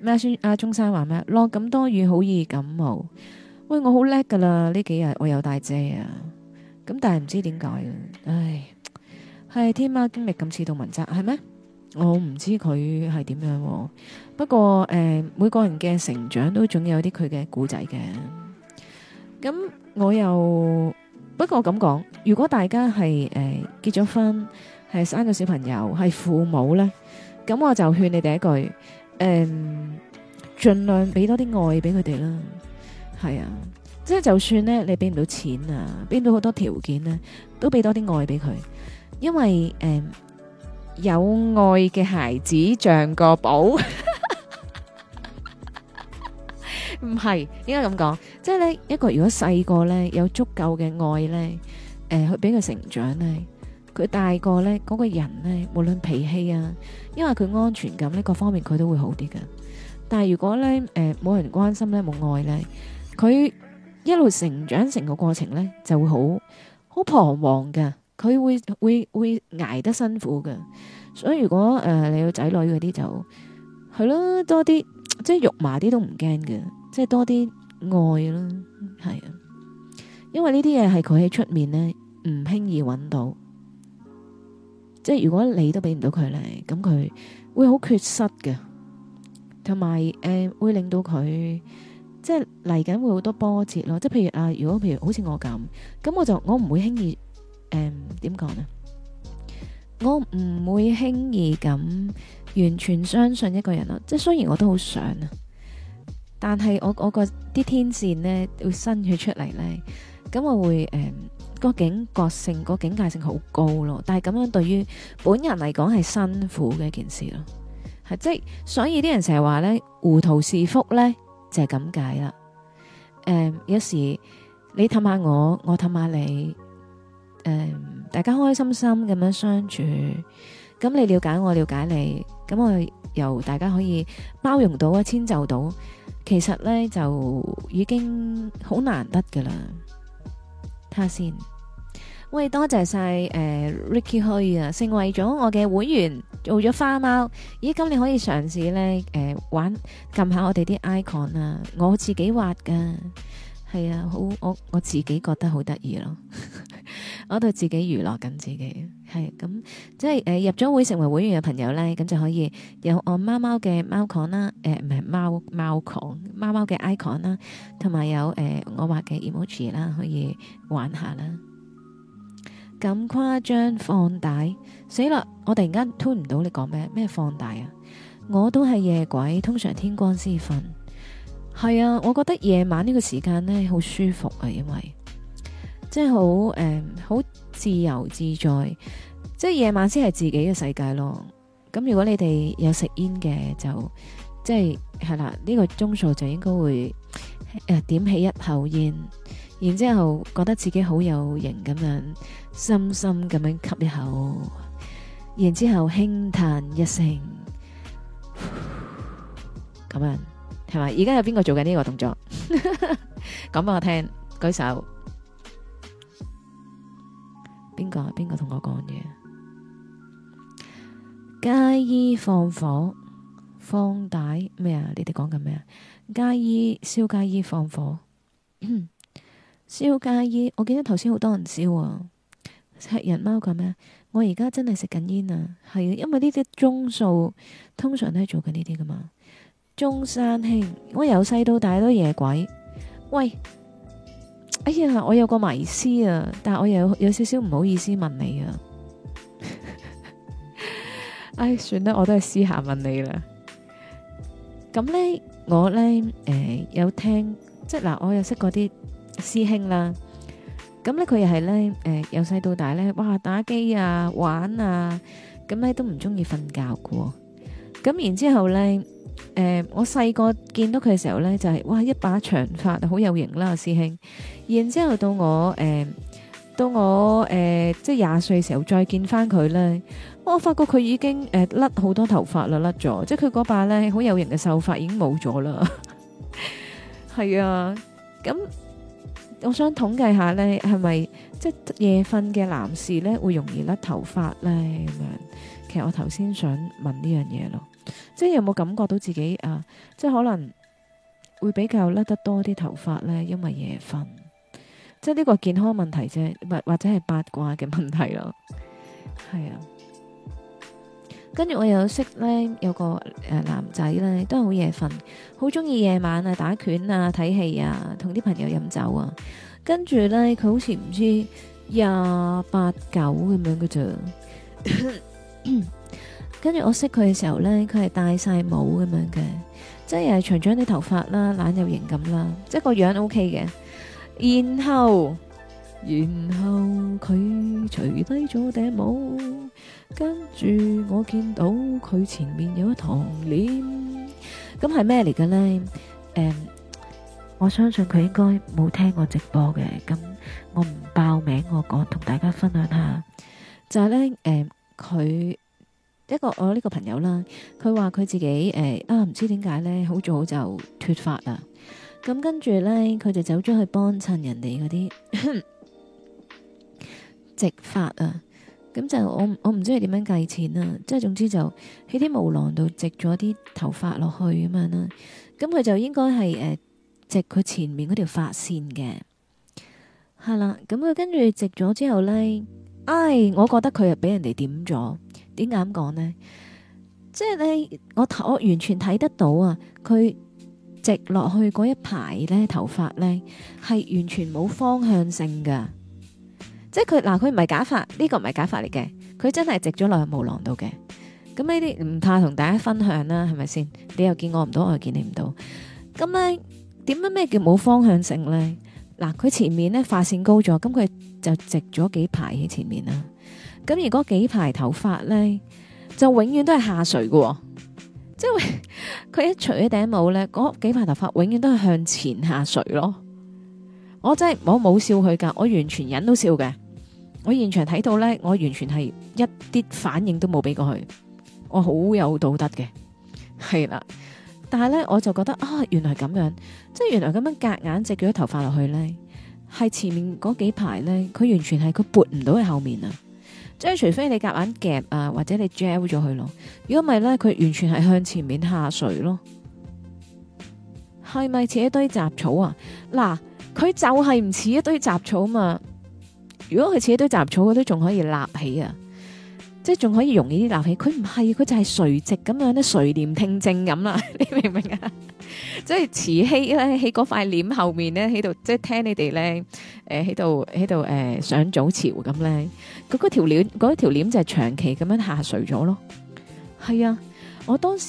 咩。阿阿鍾生話咩？落咁多雨，好易感冒。喂，我好叻㗎喇，呢幾日我有帶遮啊。咁但係唔知點解唉，係天喵經歷咁似杜汶澤係咩？我唔知佢係點樣。不過誒、呃，每個人嘅成長都總有啲佢嘅故仔嘅。咁、嗯。我又不過咁講，如果大家係誒、呃、結咗婚，係生咗小朋友，係父母咧，咁我就勸你第一句，誒、呃，盡量俾多啲愛俾佢哋啦。係啊，即係就算咧，你俾唔到錢啊，俾唔到好多條件咧、啊，都俾多啲愛俾佢，因為誒、呃、有愛嘅孩子像個寶。唔係，應該咁講，即係咧，一個如果細個咧有足夠嘅愛咧，誒去俾佢成長咧，佢大個咧嗰個人咧，無論脾氣啊，因為佢安全感呢，各方面佢都會好啲嘅。但係如果咧誒冇人關心咧，冇愛咧，佢一路成長成個過程咧就會好好彷徨嘅，佢會會會捱得辛苦嘅。所以如果誒、呃、你有仔女嗰啲就係咯，多啲，即係肉麻啲都唔驚嘅。即係多啲愛囉，係啊，因為呢啲嘢係佢喺出面呢，唔輕易揾到，即係如果你都俾唔到佢咧，咁佢會好缺失嘅，同埋誒會令到佢即係嚟緊會好多波折咯。即係譬如啊，如果譬如好似我咁，咁我就我唔會輕易誒點講呢，我唔會輕易咁、呃、完全相信一個人咯。即係雖然我都好想啊。但係我我個啲天線呢會伸佢出嚟呢，咁我會誒個警覺性個警戒性好高咯。但係咁樣對於本人嚟講係辛苦嘅一件事咯，係即係所以啲人成日話呢，糊塗是福呢，就係咁解啦。誒有時你氹下我，我氹下你，誒大家開開心心咁樣相處，咁你了解我，了解你，咁我又大家可以包容到啊，遷就到。其實咧，就已經好難得噶啦，睇下先看看。喂，多謝晒誒、呃、，Ricky Hui 啊，成為咗我嘅會員，做咗花貓。咦，咁你可以嘗試咧誒、呃，玩撳下我哋啲 icon 啊，我自己畫噶。係啊，好我我自己覺得好得意咯， 我對自己娛樂緊自己，係咁即係誒、呃、入咗會成為會員嘅朋友咧，咁就可以有我貓貓嘅貓 con 啦，誒唔係貓貓 con，貓貓嘅 icon 啦，同埋有誒、呃、我畫嘅 emoji 啦，可以玩下啦。咁誇張放大，死啦！我突然間 turn 唔到你講咩咩放大啊！我都係夜鬼，通常天光先瞓。係啊，我覺得夜晚呢個時間呢，好舒服啊，因為即係好誒好自由自在，即係夜晚先係自己嘅世界咯。咁如果你哋有食煙嘅，就即係係啦，呢個鐘數就應該會誒、呃、點起一口煙，然之後覺得自己好有型咁樣深深咁樣吸一口，然之後輕嘆一聲咁樣。係咪？而家有邊個做緊呢個動作？講 俾我聽，舉手。邊個？邊個同我講嘢？加衣放火，放大咩啊？你哋講緊咩啊？加衣燒，加衣放火，燒 加衣。我記得頭先好多人燒啊，食人貓講咩？我而家真係食緊煙啊，係啊，因為呢啲鐘數通常都係做緊呢啲噶嘛。中山兄，我由細到大都夜鬼。喂，哎呀，我有個迷思啊，但我又有少少唔好意思問你啊。哎，算啦，我都係私下問你啦。咁咧，我咧，誒，有聽即係嗱，我又識嗰啲師兄啦。咁咧，佢又係咧，誒，由細到大咧，哇，打機啊，玩啊，咁咧都唔中意瞓覺嘅。咁然之後咧。誒、呃，我細個見到佢嘅時候咧，就係、是、哇一把長髮好有型啦，師兄。然之後到我誒、呃，到我誒、呃，即係廿歲嘅時候再見翻佢咧，我發覺佢已經誒甩好多頭髮啦，甩咗，即係佢嗰把咧好有型嘅秀髮已經冇咗啦。係 啊，咁我想統計下咧，係咪即係夜瞓嘅男士咧會容易甩頭髮咧？咁樣，其實我頭先想問呢樣嘢咯。即係有冇感覺到自己啊？即係可能會比較甩得多啲頭髮呢？因為夜瞓。即係呢個健康問題啫，或或者係八卦嘅問題咯。係啊，跟住我又識呢，有個誒、呃、男仔呢，都係好夜瞓，好中意夜晚啊打拳啊睇戲啊，同啲朋友飲酒啊。跟住呢，佢好似唔知廿八九咁樣嘅咋。 跟住我識佢嘅時候呢，佢係戴晒帽咁樣嘅，即係又係長長啲頭髮啦，懶又型咁啦，即係個樣 O K 嘅。然後，然後佢除低咗頂帽，跟住我見到佢前面有一堂臉，咁係咩嚟嘅呢？誒、um,，我相信佢應該冇聽我直播嘅，咁我唔爆名我講，同大家分享下，就係呢，誒，佢。一個我呢個朋友啦，佢話佢自己誒、哎、啊，唔知點解呢，好早就脫髮啦。咁跟住呢，佢就走咗去幫襯人哋嗰啲植髮啊。咁就我我唔知係點樣計錢啊。即係總之就喺啲毛囊度植咗啲頭髮落去咁樣啦。咁佢就應該係誒植佢前面嗰條髮線嘅係啦。咁佢跟住植咗之後呢，唉、哎，我覺得佢又俾人哋點咗。點解咁講呢？即係你我我完全睇得到啊！佢直落去嗰一排咧，頭髮咧，係完全冇方向性噶。即係佢嗱，佢唔係假髮，呢個唔係假髮嚟嘅，佢真係直咗落去毛囊度嘅。咁呢啲唔怕同大家分享啦，係咪先？你又見我唔到，我又見你唔到。咁咧，點解咩叫冇方向性咧？嗱，佢前面咧髮線高咗，咁佢就直咗幾排喺前面啦。咁如果幾排頭髮咧，就永遠都係下垂嘅，哦，即係佢一除咗頂帽咧，嗰幾排頭髮永遠都係向前下垂咯。我真係我冇笑佢噶，我完全忍到笑嘅。我現場睇到咧，我完全係一啲反應都冇俾過佢，我好有道德嘅，係啦。但係咧，我就覺得啊、哦，原來咁樣，即係原來咁樣夾硬植咗頭髮落去咧，係前面嗰幾排咧，佢完全係佢撥唔到喺後面啊。即係除非你夾硬夾啊，或者你 gel 咗佢咯。如果唔係咧，佢完全係向前面下垂咯。係咪似一堆雜草啊？嗱，佢就係唔似一堆雜草嘛。如果佢似一堆雜草，佢都仲可以立起啊。即係仲可以容易啲冷氣，佢唔係佢就係垂直咁樣咧垂簾聽政咁啦，你明唔明啊？即係慈禧咧喺嗰塊簾後面咧喺度，即係聽你哋咧，誒喺度喺度誒上早朝咁咧，嗰嗰條簾嗰條簾就係長期咁樣下垂咗咯。係啊，我當時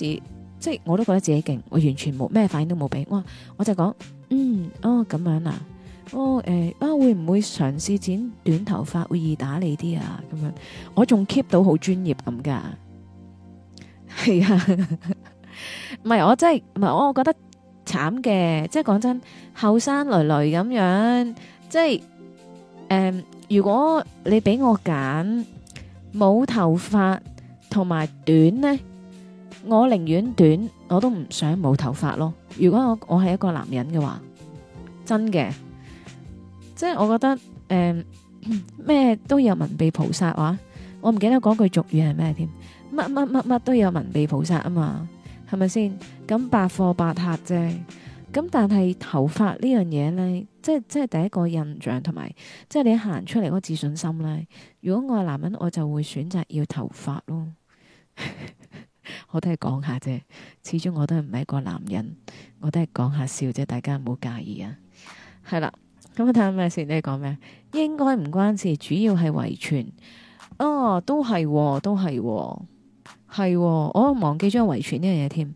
即係我都覺得自己勁，我完全冇咩反應都冇俾我，我就講嗯哦咁樣啊。哦誒啊，會唔會嘗試剪短頭髮會易打理啲啊？咁樣我仲 keep 到好專業咁噶，係啊，唔係我真係唔係我覺得慘嘅，即係講真後生來來咁樣，即係誒，如果你俾我揀冇頭髮同埋短呢，我寧願短我都唔想冇頭髮咯。如果我我係一個男人嘅話，真嘅。即係我覺得誒，咩、嗯、都有文秘菩薩話，我唔記得講句俗語係咩添，乜乜乜乜都有文秘菩薩啊嘛，係咪先？咁百貨百客啫。咁但係頭髮呢樣嘢呢，即係即係第一個印象同埋，即係你行出嚟嗰個自信心呢。如果我係男人，我就會選擇要頭髮咯。 我都係講下啫，始終我都係唔係一個男人，我都係講下笑啫，大家唔好介意啊。係啦。咁睇下咩事？你講咩？應該唔關事，主要係遺傳。哦，都係、哦，都係、哦，係、哦哦。我忘記咗遺傳呢樣嘢添。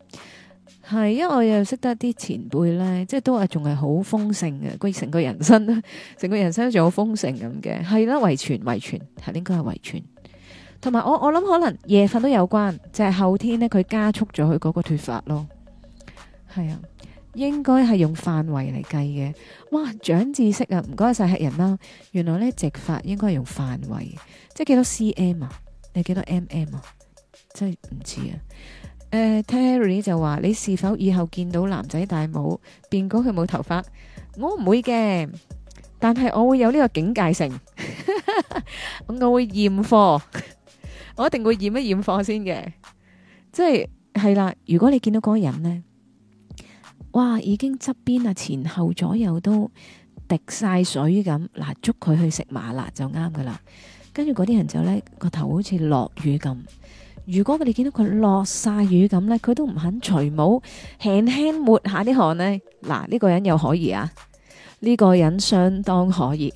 係、啊，因為我又識得啲前輩咧，即係都係仲係好豐盛嘅，佢成個人生，成個人生仲好豐盛咁嘅。係啦，遺傳，遺傳係應該係遺傳。同埋我我諗可能夜瞓都有關，就係、是、後天咧佢加速咗佢嗰個脫髮咯。係啊。應該係用範圍嚟計嘅，哇！長知識啊，唔該晒客人啦。原來呢植髮應該係用範圍，即係幾多 cm 啊？你幾多 mm 啊？真係唔知啊。呃、Terry 就話：你是否以後見到男仔戴帽，變過佢冇頭髮？我唔會嘅，但係我會有呢個警戒性， 我會驗嚴貨， 我一定會驗一驗貨先嘅。即係係啦，如果你見到嗰個人呢。哇！已經側邊啊，前後左右都滴晒水咁，嗱，捉佢去食麻辣就啱噶啦。跟住嗰啲人就咧個頭好似落雨咁。如果佢哋見到佢落晒雨咁咧，佢都唔肯除帽，輕輕抹下啲汗呢。嗱、啊、呢、這個人又可以啊，呢、這個人相當可以。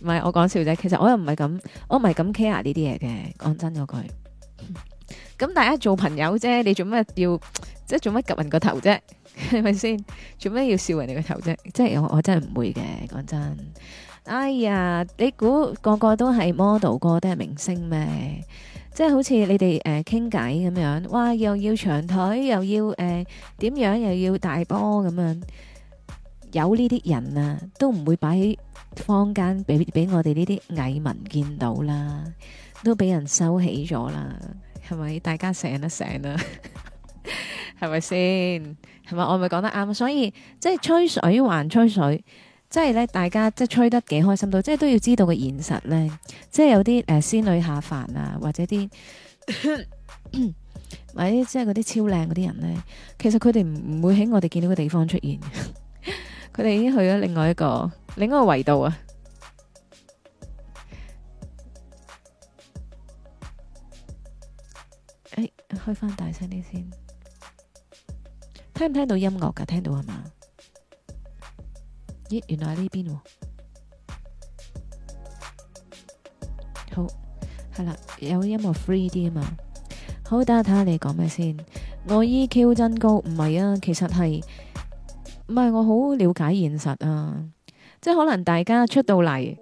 唔 係我講笑啫，其實我又唔係咁，我唔係咁 care 呢啲嘢嘅。講真嗰句。咁大家做朋友啫，你做咩要即係做咩夾人個頭啫？係咪先？做咩要笑人哋個頭啫？即係我我真係唔會嘅。講真，哎呀，你估個個都係 model，個個都係明星咩？即係好似你哋誒傾偈咁樣，哇，又要長腿，又要誒點樣，又要大波咁樣，有呢啲人啊，都唔會擺喺坊間俾俾我哋呢啲蟻民見到啦，都俾人收起咗啦。係咪大家醒一醒啦、啊？係咪先？係咪？我咪講得啱，所以即係吹水還吹水，即係咧大家即係吹得幾開心到，即係都要知道個現實咧。即係有啲誒、呃、仙女下凡啊，或者啲，咪 即係嗰啲超靚嗰啲人咧。其實佢哋唔唔會喺我哋見到嘅地方出現，佢哋已經去咗另外一個另外一個維度啊！開翻大聲啲先，聽唔聽到音樂㗎？聽到係嘛？咦，原來喺呢邊喎。好，係啦，有音樂 free 啲啊嘛。好，等下睇下你講咩先。我 EQ 真高，唔係啊，其實係唔係我好了解現實啊？即係可能大家出到嚟，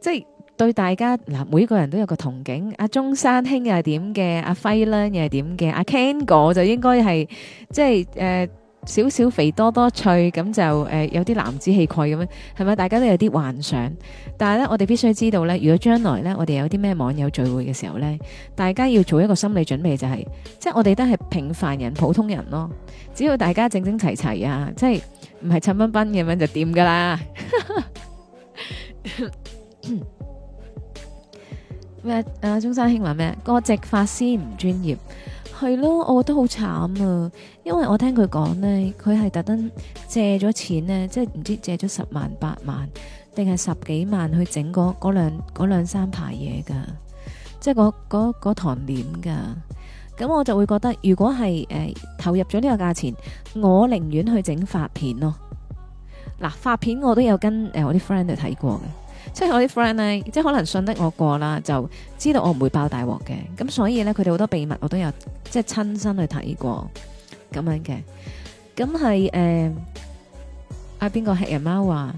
即係。對大家嗱，每個人都有個憧憬。阿中山兄又係點嘅？阿輝啦又係點嘅？阿 Ken 哥就應該係即係誒少少肥多多脆，咁就誒、呃、有啲男子氣概咁樣，係咪？大家都有啲幻想。但係咧，我哋必須知道咧，如果將來咧，我哋有啲咩網友聚會嘅時候咧，大家要做一個心理準備、就是，就係即係我哋都係平凡人、普通人咯。只要大家整整齊齊,齊啊，即係唔係蠢賓賓咁樣就掂㗎啦。 咩？阿、啊、中山興話咩？個植髮師唔專業，係咯？我覺得好慘啊！因為我聽佢講呢，佢係特登借咗錢呢，即係唔知借咗十萬八萬，定係十幾萬去整嗰嗰兩嗰兩三排嘢㗎，即係嗰嗰嗰堂簾㗎。咁我就會覺得，如果係誒、呃、投入咗呢個價錢，我寧願去整髮片咯。嗱，髮片我都有跟誒、呃、我啲 friend 去睇過嘅。即係我啲 friend 咧，即係可能信得我過啦，就知道我唔會爆大鑊嘅。咁所以咧，佢哋好多秘密我都有，即係親身去睇過咁樣嘅。咁係誒，阿、呃、邊個吃人貓話：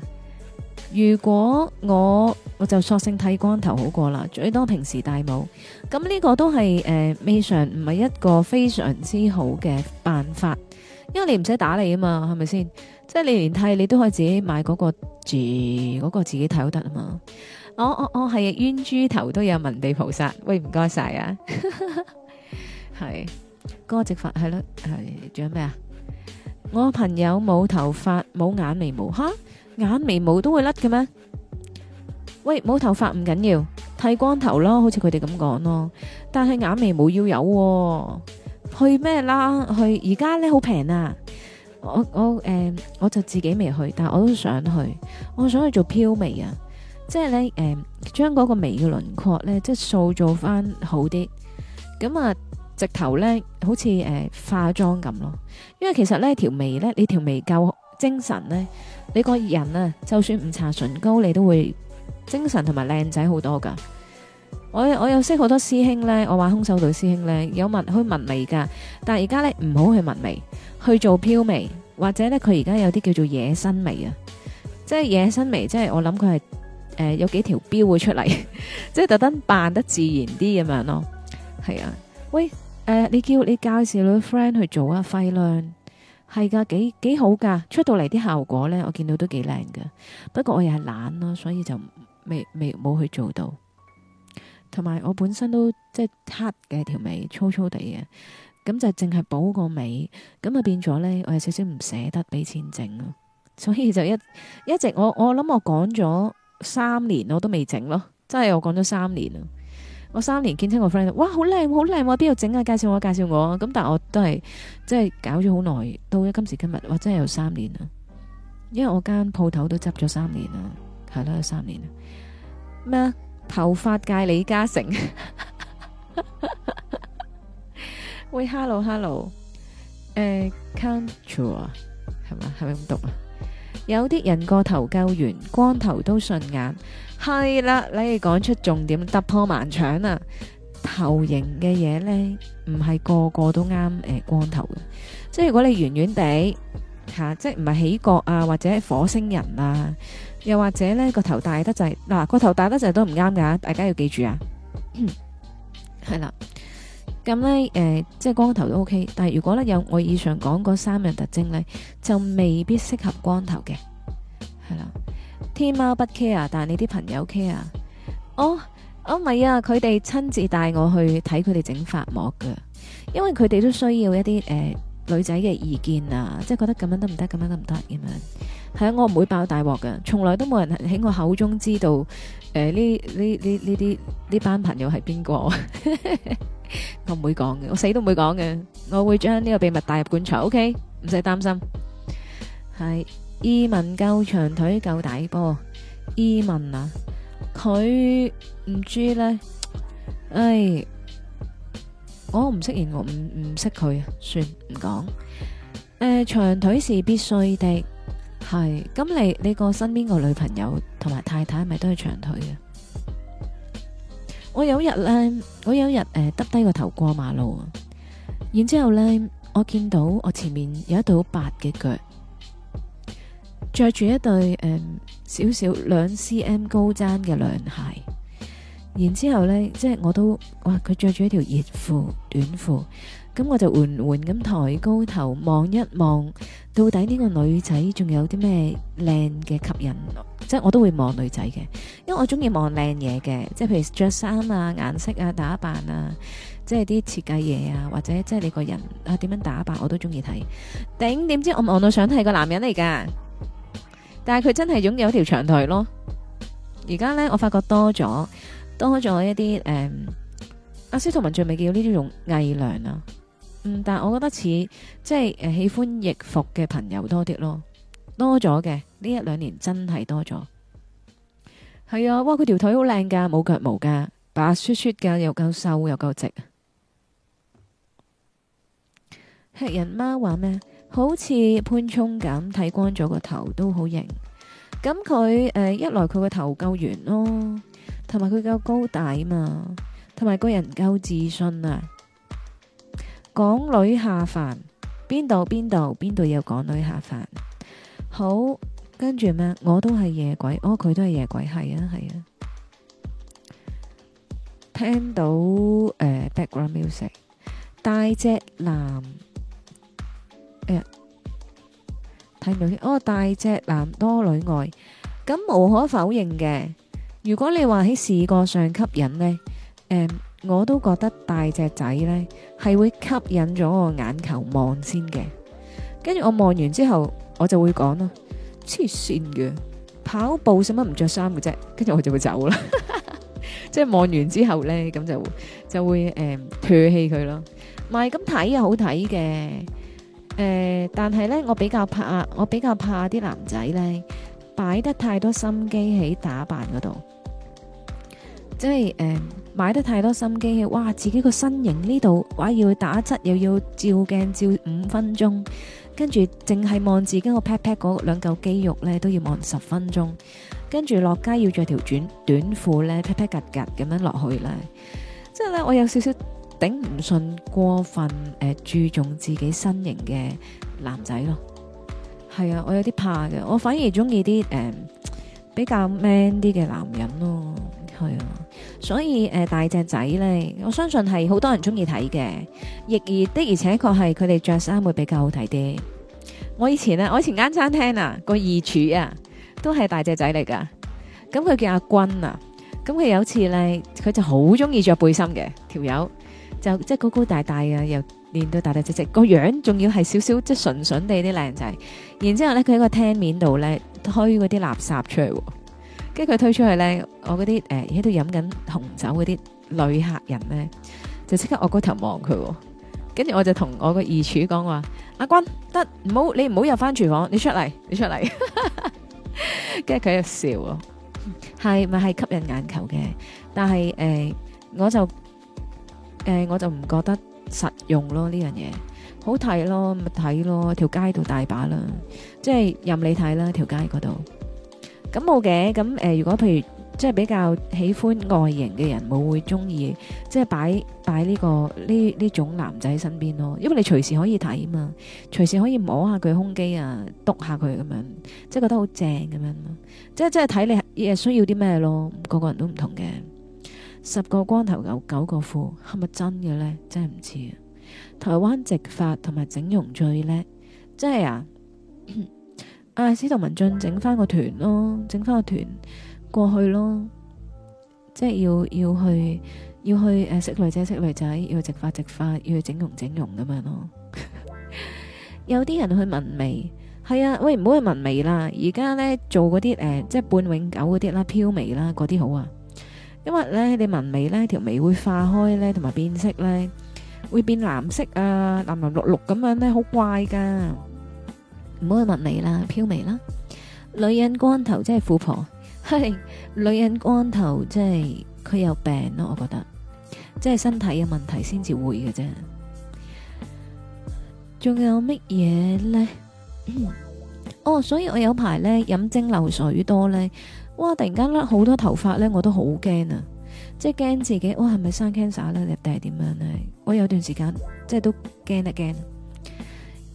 如果我我就索性剃光頭好過啦，最多平時戴帽。咁呢個都係誒，未嘗唔係一個非常之好嘅辦法，因為你唔使打理啊嘛，係咪先？即係你連剃你都可以自己買嗰個住嗰個自己剃都得啊嘛！我我我係冤豬頭都有文地菩薩，喂唔該晒！啊！係嗰個直髮係咯，係仲有咩啊？我朋友冇頭髮冇眼眉毛，吓，眼眉毛都會甩嘅咩？喂，冇頭髮唔緊要，剃光頭咯，好似佢哋咁講咯。但係眼眉毛要有喎，去咩啦？去而家咧好平啊！我我誒、呃，我就自己未去，但係我都想去，我想去做漂、即係呃、眉、即係、咁啊，即係咧誒，將嗰個眉嘅輪廓咧，即係塑造翻好啲，咁啊，直頭咧好似誒化妝咁咯，因為其實咧條眉咧，你條眉夠精神咧，你個人啊，就算唔搽唇膏，你都會精神同埋靚仔好多噶。我我有識好多師兄咧，我話空手道師兄咧有紋去紋眉噶，但係而家咧唔好去紋眉。去做飄眉，或者咧佢而家有啲叫做野生眉啊，即係野生眉，即係我諗佢係誒有幾條標會出嚟。 即係特登扮得自然啲咁樣咯。係啊，喂誒、呃，你叫你介紹女 friend 去做啊，輝亮？係噶幾幾好噶，出到嚟啲效果咧，我見到都幾靚噶。不過我又係懶咯，所以就未未冇去做到。同埋我本身都即係黑嘅條眉，粗粗地嘅。咁就淨係補個尾，咁啊變咗呢。我有少少唔捨得俾錢整咯，所以就一一直我我諗我講咗三年，我都未整咯，真係我講咗三年啊，我三年見親我 friend，哇，好靚好靚，邊度整啊？介紹我介紹我，咁、啊、但係我都係即係搞咗好耐，到咗今時今日，哇，真係有三年，因為我間鋪頭都執咗三年啦，係啦有三年，咩啊？頭髮界李嘉誠。 喂、hey,，hello，hello，誒、uh,，control 係咪？係咪咁讀啊？有啲人個頭夠圓，光頭都順眼。係啦，你要講出重點，突破盲腸啊！頭型嘅嘢呢，唔係個個都啱誒，光頭嘅。即係如果你圓圓地吓，即係唔係起角啊，或者火星人啊，又或者呢個頭大得滯嗱，個頭大得滯都唔啱噶。大家要記住啊，係啦。咁咧、呃，即係光頭都 OK，但係如果咧有我以上講嗰三樣特徵咧，就未必適合光頭嘅，係啦。天貓不 care，但係你啲朋友 care。哦，哦，唔係啊，啊，佢哋親自帶我去睇佢哋整髮膜㗎，因為佢哋都需要一啲、呃、女仔嘅意見啊，即係覺得咁樣得唔得，咁樣得唔得咁樣都。係啊，我唔會爆大鑊㗎。從來都冇人喺我口中知道誒呢呢呢呢啲呢班朋友係邊個。 我唔會講嘅，我死都唔會講嘅。我會將呢個秘密帶入棺材，OK？唔使擔心。係，伊文夠長腿夠大波，伊文啊，佢唔知咧。哎，我唔識認我唔唔識佢啊，算唔講。誒，長腿是必須的，係。咁你你個身邊個女朋友同埋太太，咪都係長腿啊？我有一日咧，我有一日誒，耷、呃、低，低個頭過馬路，然之後呢我見到我前面有一對白嘅腳，着住一對誒少少兩 cm 高踭嘅涼鞋，然之後呢即係我都哇，佢着住一條熱褲短褲。咁我就緩緩咁抬高頭望一望，到底呢個女仔仲有啲咩靚嘅吸引？即係我都會望女仔嘅，因為我中意望靚嘢嘅，即係譬如着衫啊、顏色啊、打扮啊，即係啲設計嘢啊，或者即係你個人啊點樣打扮，我都中意睇。頂，點知我望到想睇個男人嚟㗎，但係佢真係擁有一條長腿咯。而家呢，我發覺多咗多咗一啲、嗯、阿司徒文仲未見到呢啲偽娘啊。但係我覺得似即係誒喜歡易服嘅朋友多啲咯，多咗嘅呢一兩年真係多咗。係啊，哇佢條腿好靚噶，冇腳毛噶，白雪雪噶，又夠瘦又夠直。吃人媽話咩？好似潘聰咁，剃光咗個頭都好型。咁佢誒一來佢個頭夠圓咯，同埋佢夠高大嘛，同埋個人夠自信啊。港女下凡？邊度？邊度？邊度有港女下凡？好，跟住咩？我都係夜鬼，哦，佢都係夜鬼，係啊，係啊。聽到誒、呃，background music 大隻男誒，睇唔到哦。大隻男多女愛，咁無可否認嘅。如果你話喺視覺上吸引呢，我都覺得大隻仔呢。係會吸引咗我眼球望先嘅，跟住我望完之後，我就會講咯，黐線嘅，跑步使乜唔着衫嘅啫？跟住我就會走啦， 即係望完之後咧，咁就就會誒唾棄佢咯。咪咁睇啊，嗯、My, 好睇嘅，誒、嗯，但係咧，我比較怕，我比較怕啲男仔咧擺得太多心機喺打扮嗰度，即係誒。嗯買得太多心機嘅，哇！自己個身形呢度，哇！要打側又要照鏡照五分鐘，跟住淨係望自己個 pat pat 嗰兩嚿肌肉咧都要望十分鐘，跟住落街要著條短短褲咧 pat pat 趌趌咁樣落去啦。即係咧，我有少少頂唔順過分誒注重自己身形嘅男仔咯。係啊，我有啲怕嘅，我反而中意啲誒比較 man 啲嘅男人咯。係啊，所以誒、呃、大隻仔咧，我相信係好多人中意睇嘅，亦而的而且確係佢哋着衫會比較好睇啲。我以前咧、啊，我以前間餐廳啊，個二廚啊，都係大隻仔嚟噶。咁佢叫阿君啊，咁佢有一次咧，佢就好中意着背心嘅條友，就即係高高大大嘅、啊，又練到大大只隻，個樣仲要係少少即係純純地啲靚仔。然之後咧，佢喺個廳面度咧推嗰啲垃圾出嚟、啊。跟住佢推出去咧，我嗰啲誒喺度飲緊紅酒嗰啲女客人咧，就即刻我嗰頭望佢，跟住我就同我個二廚講話：阿君得唔好，你唔好入翻廚房，你出嚟，你出嚟。跟住佢又笑喎，係咪係吸引眼球嘅？但係誒、呃，我就誒、呃、我就唔覺得實用咯，呢樣嘢好睇咯，咪睇咯，條街度大把啦，即係任你睇啦，條街嗰度。咁冇嘅，咁、呃、如果譬如即係比較喜歡外形嘅人，冇會中意即係擺擺呢、這個呢呢種男仔身邊咯，因為你隨時可以睇啊嘛，隨時可以摸下佢胸肌啊，篤下佢咁樣，即係覺得好正咁樣咯，即係即係睇你係需要啲咩咯，個個人都唔同嘅。十個光頭有九個富，係咪真嘅咧？真係唔知啊！台灣植髮同埋整容最叻，即係啊！ 啊！司徒文進整翻個團咯，整翻個團過去咯，即係要要去要去誒，識、啊、女仔識女仔，要去直髮直髮，要去整容整容咁樣咯。 有啲人去紋眉，係啊，喂，唔好去紋眉啦！而家呢，做嗰啲誒，即係半永久嗰啲啦，漂眉啦，嗰啲好啊。因為呢，你紋眉呢，條眉會化開呢，同埋變色呢，會變藍色啊，藍藍綠綠咁樣呢，好怪噶。唔好去紋眉啦，飄眉啦。女人光頭即係富婆，係女人光頭即係佢有病咯，我覺得，即係身體嘅問題先至會嘅啫。仲有乜嘢咧？哦，所以我有排咧飲蒸餾水多咧，哇！突然間甩好多頭髮咧，我都好驚啊！即係驚自己，哇，係咪生 cancer 咧？定係點樣咧？我有段時間即係都驚一驚。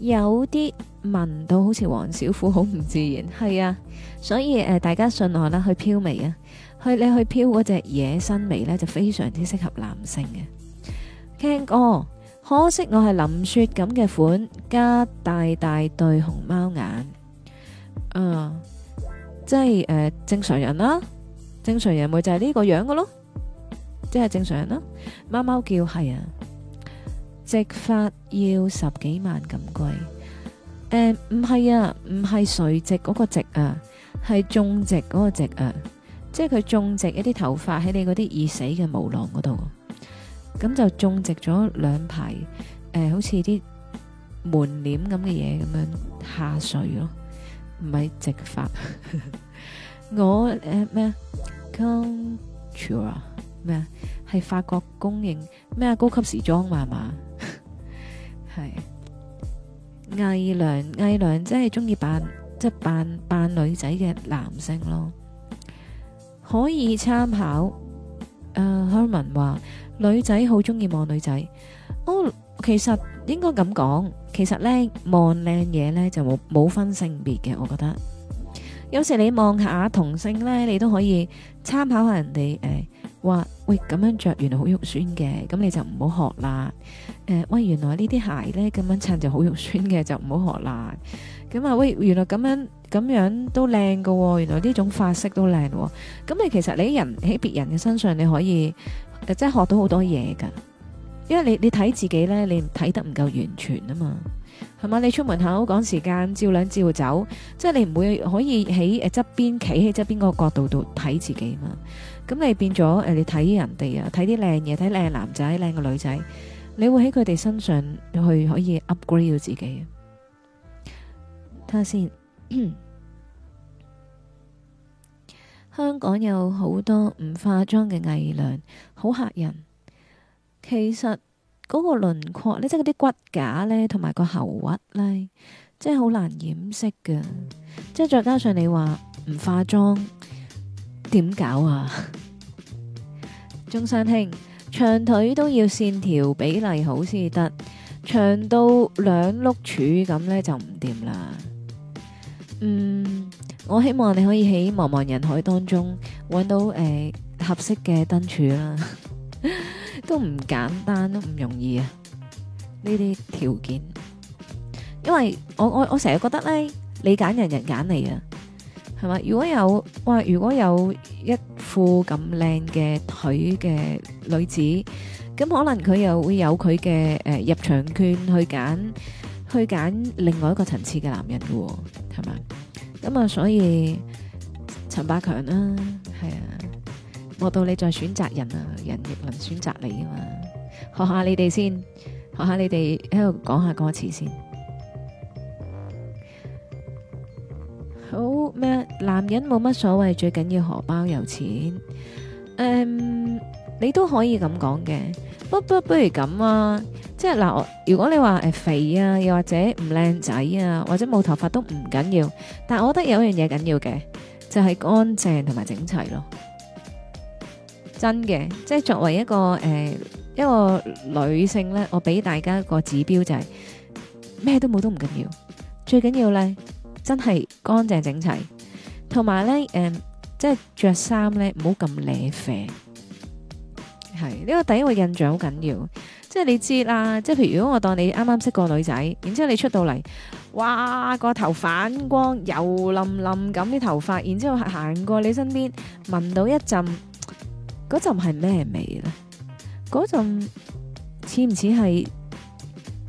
有啲聞到好似黃小虎好唔自然。係啊，所以誒、呃，大家信我啦，去飄眉啊，去你去飄嗰隻野生眉呢，就非常之適合男性嘅。聽過，可惜我係林雪咁嘅款，加大大對熊貓眼，啊，即係誒、呃，正常人啦，正常人咪就係呢個樣嘅咯，即係正常人啦，貓貓叫係啊。植髮要十幾萬咁貴？誒，唔係啊，唔係垂直嗰個直啊，係種植嗰個植啊，即係佢種植一啲頭髮喺你嗰啲已死嘅毛囊嗰度，咁就種植咗兩排誒，好似啲門簾咁嘅嘢咁樣下垂咯，唔係直髮，我誒咩啊？Couture 咩啊？係法國供應咩啊？高級時裝嘛，係嘛。係偽娘，偽娘即係中意扮即係扮扮女仔嘅男性咯，可以參考。誒，Herman 話女仔好中意望女仔，哦，其實應該咁講，其實咧望靚嘢咧就冇冇分性別嘅，我覺得。有時你望下同性咧，你都可以參考下人哋嘅。話，喂咁樣着原來好肉酸嘅，咁你就唔好學啦。誒、呃、喂，原來呢啲鞋咧咁樣襯就好肉酸嘅，就唔好學啦。咁、嗯、啊喂，原來咁樣咁樣都靚噶，哦，原來呢種髮色都靚，哦。咁、嗯、你其實你人喺別人嘅身上，你可以即係係學到好多嘢噶。因為你你睇自己咧，你睇得唔夠完全啊嘛，係嘛？你出門口趕時間，照兩照走，即、就、係、是、你唔會可以喺誒側邊企喺側邊個角度度睇自己嘛。咁你變咗誒？你睇人哋啊，睇啲靚嘢，睇靚男仔、靚個女仔，你會喺佢哋身上去可以 upgrade 到自己。睇下先。香港有好多唔化妝嘅偽娘，好吓人。其實嗰個輪廓呢，即係嗰啲骨架呢，同埋個喉核呢，即係好難掩飾嘅。即係再加上你話唔化妝，點搞啊？中山兄，長腿都要線條比例好先得，長到兩碌柱咁咧就唔掂啦。嗯，我希望你可以喺茫茫人海當中揾到誒合適嘅燈柱啦，都唔簡單，都唔容易啊！呢啲條件，因為我我我成日覺得咧，你揀人人揀你啊。係嘛？如果有哇，如果有一副咁靚嘅腿嘅女子，咁可能佢又會有佢嘅誒入場券去揀，去揀另外一個層次嘅男人噶喎。哦，係嘛？咁啊，所以陳百強啦，係啊，莫道你在選擇人啊，人亦能選擇你啊嘛，學下你哋先，學下你哋喺度講下歌詞先。好咩？男人冇乜所謂，最緊要荷包有錢。誒，你都可以咁講嘅。不不，不如咁啊！即係嗱，如果你話誒肥啊，又或者唔靚仔啊，或者冇頭髮都唔緊要。但係我覺得有樣嘢緊要嘅，就係乾淨同埋整齊咯。真嘅，即係作為一個誒一個女性咧，我俾大家一個指標就係咩都冇都唔緊要，最緊要咧。真係乾淨整齊，同埋呢，嗯、即係着衫呢，唔好咁瀨啡。係呢、呢個第一個印象好緊要。即係你知啦，即係譬如如果我當你啱啱識個女仔，然之後你出到嚟，哇，個頭反光，油淋淋咁啲頭髮，然之後行過你身邊，聞到一陣，嗰陣係咩味咧？嗰陣似唔似係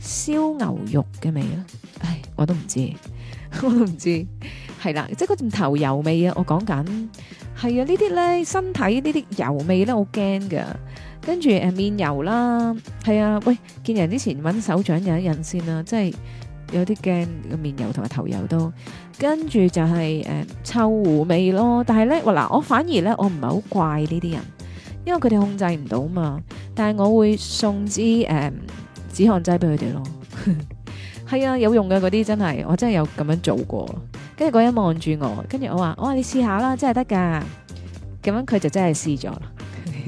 燒牛肉嘅味啊？唉，我都唔知。 我都唔知，係啦，即係嗰陣頭油味啊！我講緊係啊，呢啲咧身體呢啲油味咧，我驚噶。跟住誒面油啦，係啊，喂，見人之前搵手掌引一引，啊、有一印先啦，即係有啲驚個面油同埋頭油都。跟住就係、是、誒、呃、臭狐味咯。但係咧，我、呃、嗱，我反而咧，我唔係好怪呢啲人，因為佢哋控制唔到嘛。但係我會送支誒、呃、止汗劑俾佢哋咯。 係啊，有用嘅嗰啲真係，我真係有咁樣做過。跟住嗰人望住我，跟住我話：我、哦、話你試下啦，真係得噶。咁樣佢就真係試咗。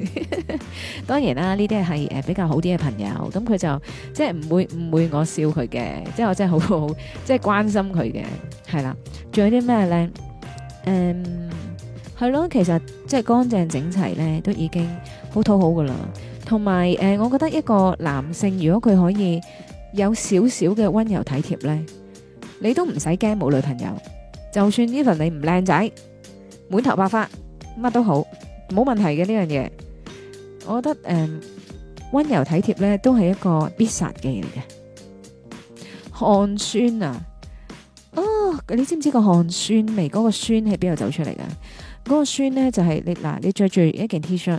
當然啦，呢啲係誒比較好啲嘅朋友，咁佢就即係唔會唔會我笑佢嘅，即係我真係好好即係關心佢嘅，係啦。仲有啲咩咧？誒，係咯，其實即係乾淨整齊咧，都已經好討好討好噶啦。同埋誒，我覺得一個男性如果佢可以。有少少嘅溫柔體貼呢，你都唔使驚冇女朋友。就算呢份你唔靚仔，滿頭白髮，乜都好，冇問題嘅呢樣嘢。我覺得誒，温、嗯、柔體貼呢都係一個必殺嘅嘢嚟嘅。寒酸啊，哦你知唔知個寒酸味嗰、那個酸係邊度走出嚟噶？嗰、那個酸呢就係你嗱，你，你着住一件 T 恤。Shirt,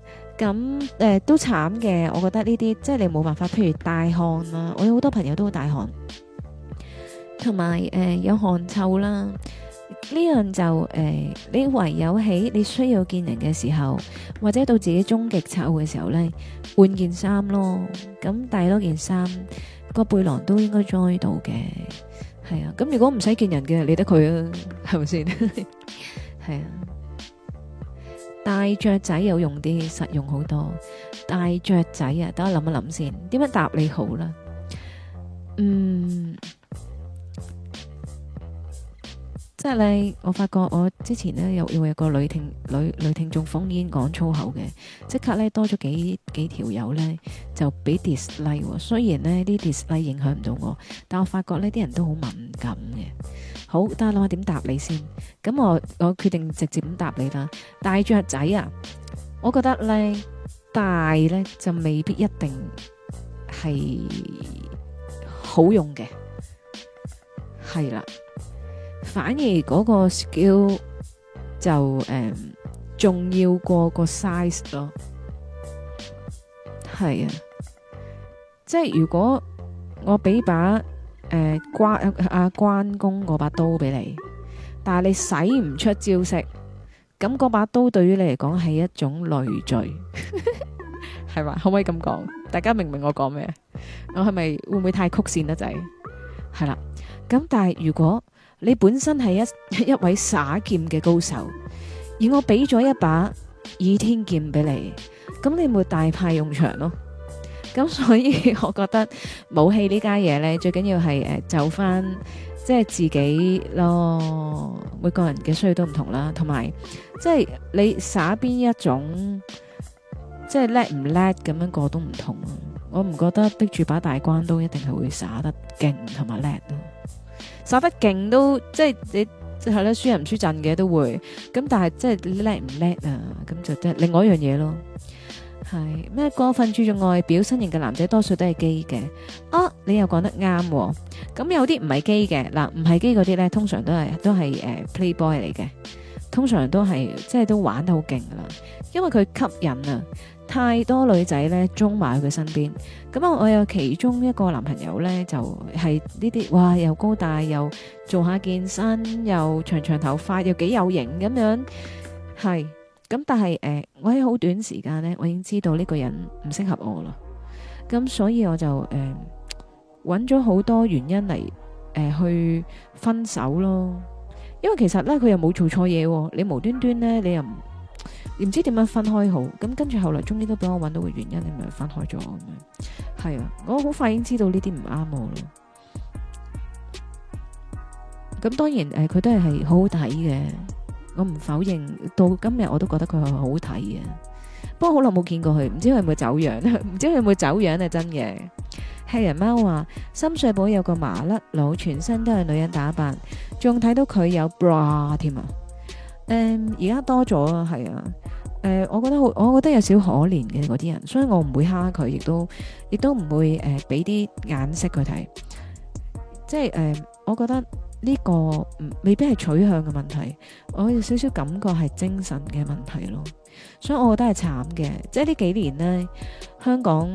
咁誒、呃、都慘嘅，我覺得呢啲即係你冇辦法，譬如大汗啦，我有好多朋友都好大汗，同埋誒有汗臭啦，呢樣就誒、呃、你唯有喺你需要見人嘅時候，或者到自己終極臭嘅時候咧，換件衫咯，咁帶多件衫，個背囊都應該裝到嘅，係啊，咁如果唔使見人嘅，理得佢啊，係咪先？係 啊。大雀仔有用啲，實用好多。大雀仔啊，等我諗一諗先，點樣答你好啦？嗯。即係我發覺，我之前咧又有，有一個女聽女女聽眾瘋煙講粗口嘅，即刻咧多咗幾幾條友咧就俾 dislike，哦、雖然咧啲 dislike 影響唔到我，但我發覺呢啲人都好敏感嘅。好，但係諗下點答你先？咁我我決定直接咁答你啦。大雀仔啊，我覺得咧大咧就未必一定係好用嘅，係啦。反而嗰個 skill 就誒重要過個 size 囉，係啊！即係如果我俾把誒關阿關公嗰把刀俾你，但係你使唔出招式，咁嗰把刀對於你嚟講係一種累贅，係嘛？可唔可以咁講？大家明唔明我講咩？我係咪會唔會太曲線得滯？係啦，咁但係如果。你本身係一一位耍劍嘅高手，而我俾咗一把倚天劍俾你，咁你咪大派用場咯。咁所以我覺得武器這家呢家嘢咧，最緊要係誒就翻即係自己咯。每個人嘅需要都唔同啦，同埋即係你耍邊一種，即係叻唔叻咁樣個都唔同咯。我唔覺得逼住把大關刀一定係會耍得勁同埋叻咯。打得勁都即係你即係咧輸人唔輸陣嘅都會，咁但係即係叻唔叻啊？咁就即係另外一樣嘢咯，係咩過分注重外表身形嘅男仔多數都係基嘅。哦，你又講得啱喎，咁有啲唔係基嘅嗱，唔係基嗰啲咧通常都係都係誒 playboy 嚟嘅。通常都係即係都玩得好勁噶啦，因為佢吸引啊。太多女仔咧，中埋佢身邊。咁啊，我有其中一個男朋友咧，就係呢啲，哇，又高大，又做下健身，又長長頭髮，又幾有型咁樣。係，咁但係誒，我喺好短時間咧，我已經知道呢個人唔適合我啦。咁所以我就誒搵咗好多原因嚟誒去分手咯。因為其實咧，佢又冇做錯嘢，你無端端咧，你又唔～唔知點樣分開好，咁跟住後來終於都俾我揾到個原因，你、就、咪、是、分開咗咁樣。係啊，我好快已經知道呢啲唔啱我咯。咁當然誒，佢、呃、都係係好好睇嘅，我唔否認。到今日我都覺得佢係好睇嘅。不過好耐冇見過佢，唔知佢有冇走樣，唔知佢有冇走樣啊？係真嘅，黑人貓話：深水埗有個麻甩佬，全身都係女人打扮，仲睇到佢有 bra 添啊！誒，而家、嗯，多咗啊，係啊。誒，我覺得好，我覺得有少可憐嘅嗰啲人，所以我唔會蝦佢，亦都亦都唔會誒俾啲眼色佢睇。即係誒、呃，我覺得呢個未必係取向嘅問題，我有少少感覺係精神嘅問題咯。所以我覺得係慘嘅。即係呢幾年呢，香港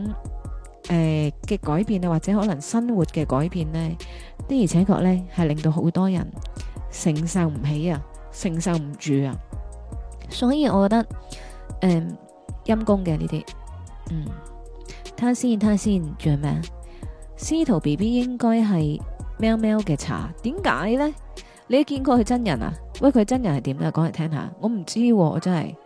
誒嘅、呃、改變啊，或者可能生活嘅改變呢，的而且確呢，係令到好多人承受唔起啊。承受唔住啊！所以我覺得，誒、嗯，陰公嘅呢啲，嗯，睇下先，睇下先，仲有咩？司徒 BB 應該係喵喵嘅茶，點解咧？你見過佢真人啊？喂，佢真人係點嘅？講嚟聽下，我唔知、啊真係我，我真係，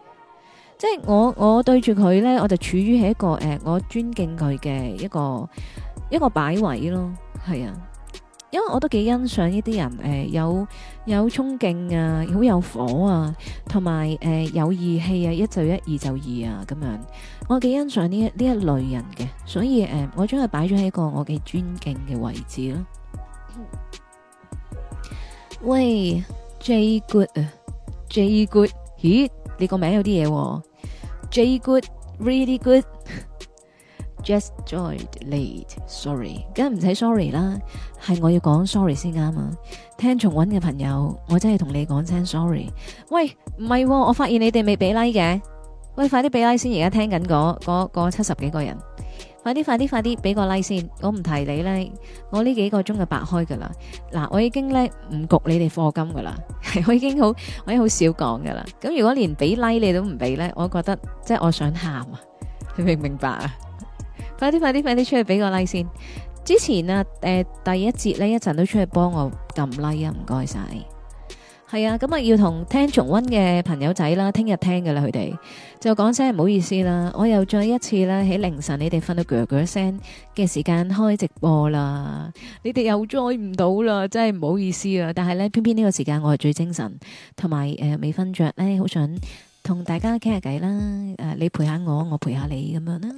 即係我我對住佢咧，我就處於係一個誒、呃，我尊敬佢嘅一個一個擺位咯，係啊。因為我都幾欣賞呢啲人，誒、呃、有有衝勁啊，好有火啊，同埋誒有義氣啊，一就一，二就二啊，咁樣，我幾欣賞呢呢一類人嘅，所以誒、呃、我將佢擺咗喺一個我嘅尊敬嘅位置咯。喂，J good，J、uh, good，咦，你個名有啲嘢、哦、J good，Really good、really.Good. Just joined late. Sorry，梗係唔使 sorry 啦，係我要講 sorry 先啱啊。聽重溫嘅朋友，我真係同你講聲 sorry。喂，唔係、啊、我發現你哋未俾 like 嘅。喂，快啲俾 like 先，嗰個，而家聽緊嗰七十幾個人，快啲快啲快啲俾個 like 先。我唔提你呢，我呢幾個鐘就白開㗎喇。嗱，我已經呢，唔焗你哋課金㗎喇， 我已經好我已經好少講㗎喇。咁如果連俾 like 你都唔俾呢，我覺得即係我想喊啊，你明唔明白啊？快啲，快啲，快啲出去俾個 like 先！之前啊，誒、呃，第一節咧一陣都出去幫我撳 like 啊，唔該晒。係啊，咁啊要同聽重溫嘅朋友仔啦，聽日聽㗎啦，佢哋就講聲唔好意思啦，我又再一次咧喺凌晨你哋瞓到咕咕聲嘅時間開直播啦，你哋又 join 唔到啦，真係唔好意思啊！但係咧偏偏呢個時間我係最精神，同埋誒未瞓着咧，好想同大家傾下偈啦。誒、呃，你陪下我，我陪下你咁樣啦。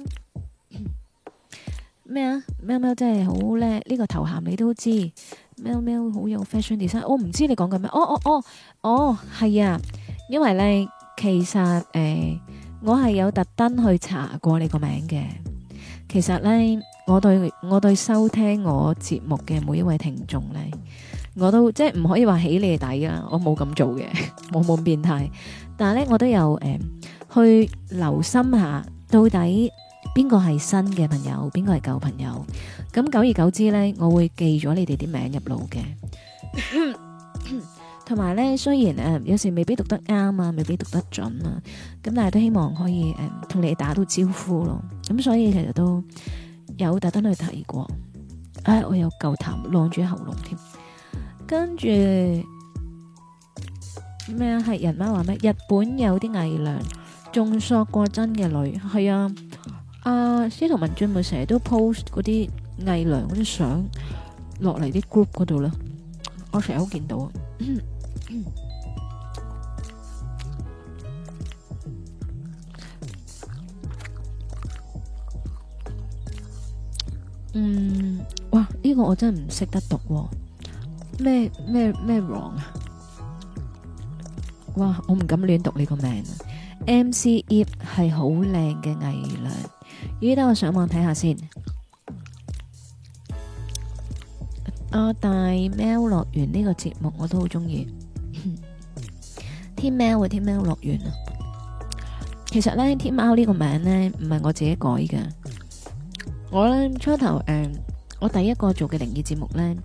咩啊？喵喵真係好叻，呢個頭銜你都知。喵喵好有 fashion design，我唔知你講緊咩？哦哦哦哦，係啊，因為咧其實誒，我係有特登去查過你個名嘅。其實咧，我對我對收聽我節目嘅每一位聽眾咧，我都即係唔可以話起你底啊，我冇咁做嘅，我冇變態。但係咧，我都有誒去留心下到底。邊個係新嘅朋友，邊個係舊朋友？咁久而久之呢，我會記咗你哋啲名入腦嘅。同埋 呢，雖然誒、呃、有時未必讀得啱啊，未必讀得準啊，咁但係都希望可以誒同、呃、你哋打到招呼咯。咁所以其實都有特登去提過。唉、哎，我有嚿痰晾住喉嚨添。跟住咩啊？係人媽話咩？日本有啲偽娘，仲索過真嘅女。係啊。啊！司徒文進咪成日都 post 嗰啲偽娘嗰啲相落嚟啲 group 嗰度啦，我成日都見到。嗯，哇！呢個我真係唔識得讀，咩咩咩 wrong 啊！哇！我唔敢亂讀你個名，MC 葉係好靚嘅偽娘。依家我上網睇下先。阿大喵樂園呢個節目我都好中意。天 喵啊，天喵樂園啊。其實咧，天喵呢個名咧，唔係我自己改嘅。我咧初頭誒、嗯，我第一個做嘅靈異節目咧，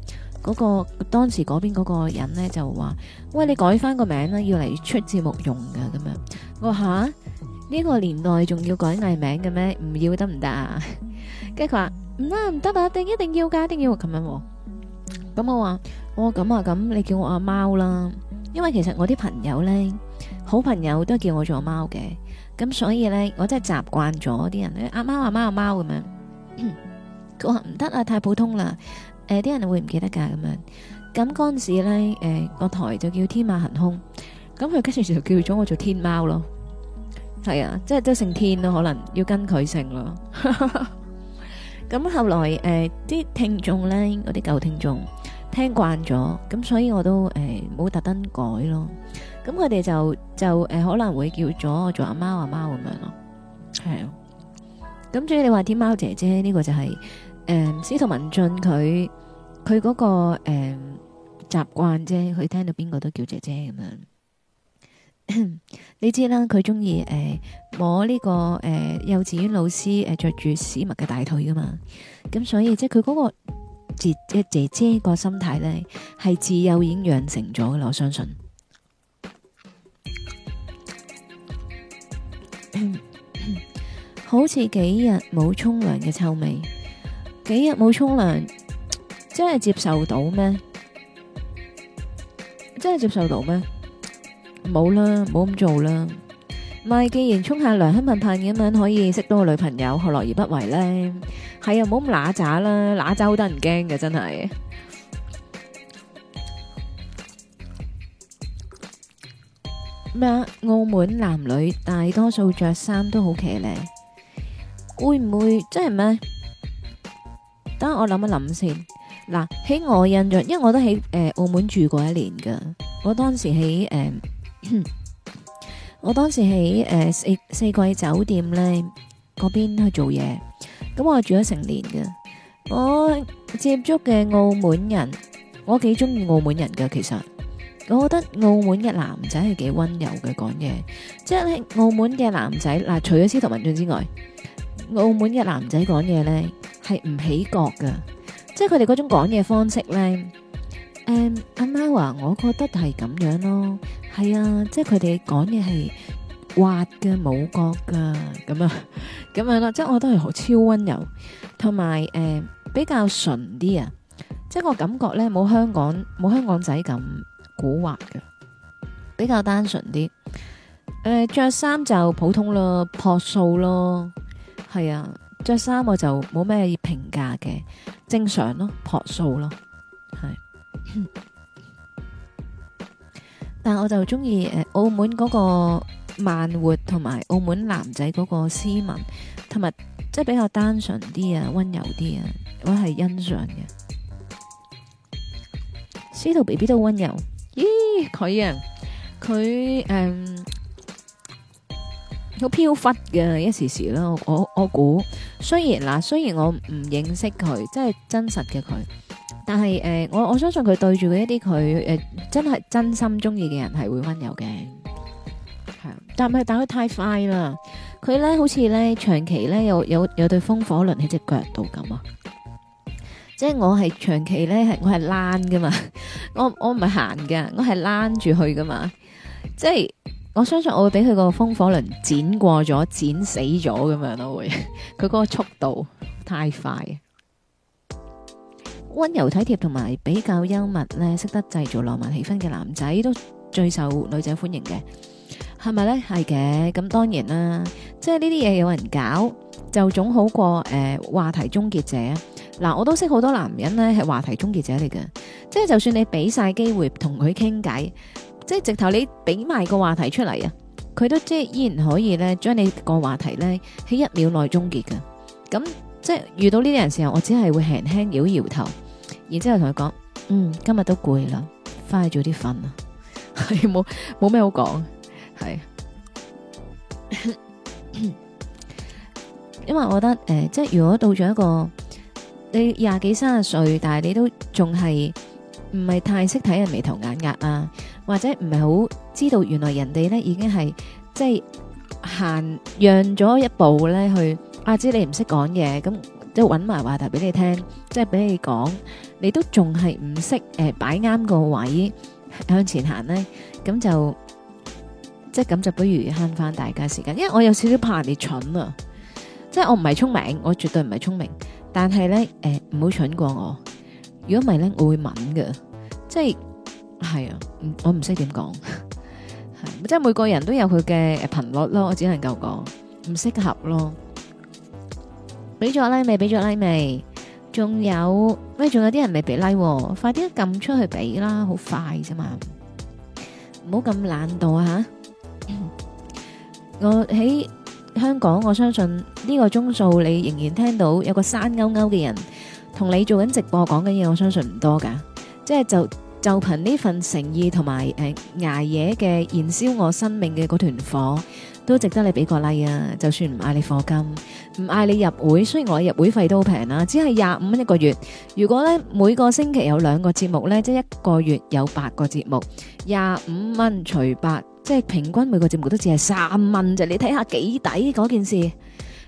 嗰、那個當時嗰邊嗰個人咧就話，喂，你改翻個名啦，要嚟出節目用噶咁樣。我話吓。呢個年代仲要改藝名嘅咩？唔要得唔得啊？跟住佢話唔啦唔得啦，一定一定要噶，一定要咁樣。咁我話我咁啊咁，你叫我阿、啊、貓啦。因為其實我啲朋友咧，好朋友都叫我做阿貓嘅。咁所以咧，我真係習慣咗啲人阿、啊、貓阿、啊、貓阿、啊、貓咁、啊、樣、啊。佢話唔得啊，太普通啦。誒、呃，啲人會唔記得噶咁樣。咁嗰陣時咧，誒、呃，個台就叫天馬行空。咁佢跟住就叫咗我做天貓咯。係啊，即係即係姓天咯，可能要跟佢姓咯。咁後來誒，啲聽眾咧，我啲舊聽眾聽慣咗，咁所以我都誒冇特登改咯。咁佢哋就就誒可能會叫咗我做阿貓阿貓咁樣咯，係咯。咁至於你話天貓姐姐呢個就係誒司徒文進佢佢嗰個誒習慣啫，佢聽到邊個都叫姐姐咁樣。 你知啦，佢中意誒摸呢、這個誒、呃、幼稚園老師誒着住屎襪嘅大腿噶嘛？咁所以即係佢嗰個姐姐姐個心態咧，係自幼已經養成咗噶啦。我相信， 好似幾日冇沖涼嘅臭味，幾日冇沖涼，真係接受到咩？真係接受到咩？冇啦，冇咁做啦。咪，既然沖下涼、香噴噴咁樣，可以識到個女朋友，何樂而不為呢？係啊，冇咁乸渣啦，乸渣好得人驚嘅，真係咩？澳門男女大多數着衫都好騎呢，會唔會真係咩？等我諗一諗先。嗱，喺我印象，因為我都喺誒澳門住過一年噶，我當時喺誒。我當時喺誒四四季酒店咧嗰邊去做嘢，咁我住咗成年嘅，我接觸嘅澳門人，我幾中意澳門人噶。其實我覺得澳門嘅男仔係幾温柔嘅，講嘢，即係澳門嘅男仔嗱，除咗司徒文進之外，澳門嘅男仔講嘢咧係唔起角噶，即係佢哋嗰種講嘢方式咧。誒，阿媽話我覺得係咁樣咯，係啊，即係佢哋講嘢係滑嘅，冇角噶，咁啊，咁樣咯，即係我覺得係好超溫柔，同埋誒比較純啲啊，即係我感覺咧冇香港冇香港仔咁古惑嘅，比較單純啲。誒着衫就普通咯，樸素咯，係啊，着衫我就冇咩評價嘅，正常咯，樸素咯。 但我就中意，呃、澳門嗰個慢活同埋澳門男仔嗰個斯文，同埋即係比較單純啲啊，溫柔啲啊，我係欣賞嘅。司徒 B B 都溫柔，咦，佢啊，佢誒，好、嗯、飄忽嘅一時時啦，我我我估，雖然嗱，雖然我唔認識佢，即係真實嘅佢。佢但係誒、呃，我我相信佢對住佢一啲佢誒，真係真心中意嘅人係會温柔嘅，係啊。但係但佢太快啦，佢咧好似咧長期咧有有有對風火輪喺隻腳度咁啊！即係我係長期咧係我係躝嘅嘛，我我唔係行嘅，我係躝住去噶嘛。即係我相信我會俾佢個風火輪剪過咗、剪死咗咁樣咯，會佢嗰個速度太快。溫柔體貼同埋比較幽默咧，識得製造浪漫氣氛嘅男仔都最受女仔歡迎嘅，係咪咧？係嘅，咁當然啦，即係呢啲嘢有人搞就總好過誒、呃、話題終結者。嗱，我都識好多男人咧係話題終結者嚟嘅，即係就算你俾晒機會同佢傾偈，即係直頭你俾埋個話題出嚟啊，佢都即係依然可以咧將你個話題咧喺一秒內終結嘅。咁即係遇到呢啲人時候，我只係會輕輕搖搖頭。然之後同佢講，嗯，今日都攰啦，翻去早啲瞓啦，係冇冇咩好講，係，因為我覺得誒、呃，即係如果到咗一個你廿幾三十歲，但係你都仲係唔係太識睇人眉頭眼額啊，或者唔係好知道原來人哋咧已經係即係行讓咗一步咧去，阿、啊、芝你唔識講嘢咁。即係搵埋話題俾你聽，即係俾你講，你都仲係唔識誒擺啱個位向前行咧，咁就即係咁就不如慳翻大家時間，因為我有少少怕人哋蠢啊，即係我唔係聰明，我絕對唔係聰明，但係咧誒唔好蠢過我，如果唔係咧我會敏嘅，即係係啊，我唔識點講，係即係每個人都有佢嘅頻率咯，我只能夠講唔適合咯。俾咗拉未？俾咗拉未？仲有咩？仲有啲人未俾拉？快啲撳出去俾啦！好快啫嘛，唔好咁懶惰啊吓。我喺香港，我相信呢個鐘數你仍然聽到有個山勾勾嘅人同你做緊直播講緊嘢，我相信唔多噶。即係就就憑呢份誠意同埋誒捱夜嘅燃燒我生命嘅嗰團火，都值得你俾個 like 啊！就算唔嗌你課金，唔嗌你入會，雖然我入會費都好平啦，只係廿五蚊一個月。如果咧每個星期有兩個節目咧，即係一個月有八個節目，廿五蚊除八，即係平均每個節目都只係三蚊啫。你睇下幾抵嗰件事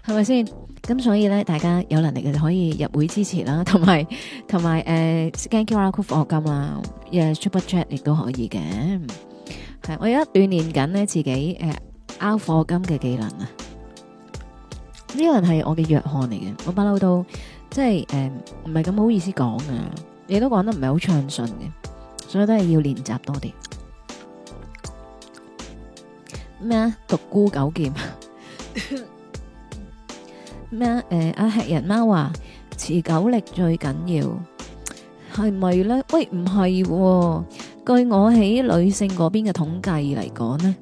係咪先？咁所以咧，大家有能力嘅就可以入會支持啦，同埋同埋誒 scan QR code 課金啦，誒 super chat 亦都可以嘅。係我而家鍛鍊緊呢自己誒。敲火金嘅技能啊！呢個人係我嘅弱項嚟嘅，我不嬲都即係誒，唔係咁好意思講啊，你都講得唔係好暢順嘅，所以都係要練習多啲。咩啊？獨孤九劍咩啊？誒，阿吃人貓話持久力最緊要，係咪咧？喂，唔係，據我喺女性嗰邊嘅統計嚟講咧，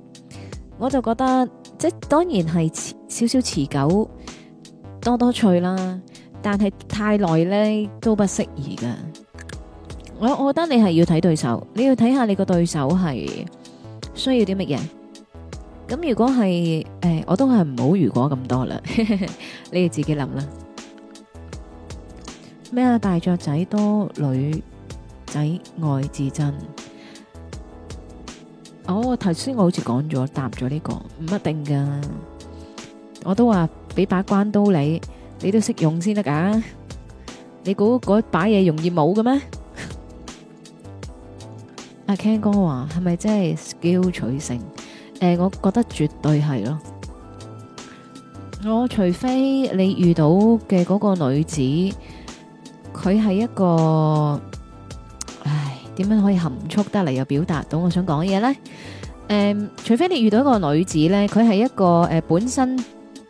我就覺得，即當然係少少持久，多多趣啦。但係太耐咧都不適宜噶。我我覺得你係要睇對手，你要睇下你個對手係需要啲乜嘢。咁如果係誒、欸，我都係唔好如果咁多啦 你自己想啦，你哋自己諗啦。咩啊？大雀仔多女仔愛至真。哦，頭先我好似講咗答咗呢、這個，唔一定噶。我都話俾把關刀你，你都識用先得噶。你估嗰把嘢容易冇嘅咩？阿 Ken 哥話係咪真係 skill 取勝？誒、呃，我覺得絕對係咯。我除非你遇到嘅嗰個女子，佢係一個。點樣可以含蓄得嚟又表達到我想講嘅嘢咧？誒，除非你遇到一個女子咧，佢係一個誒本身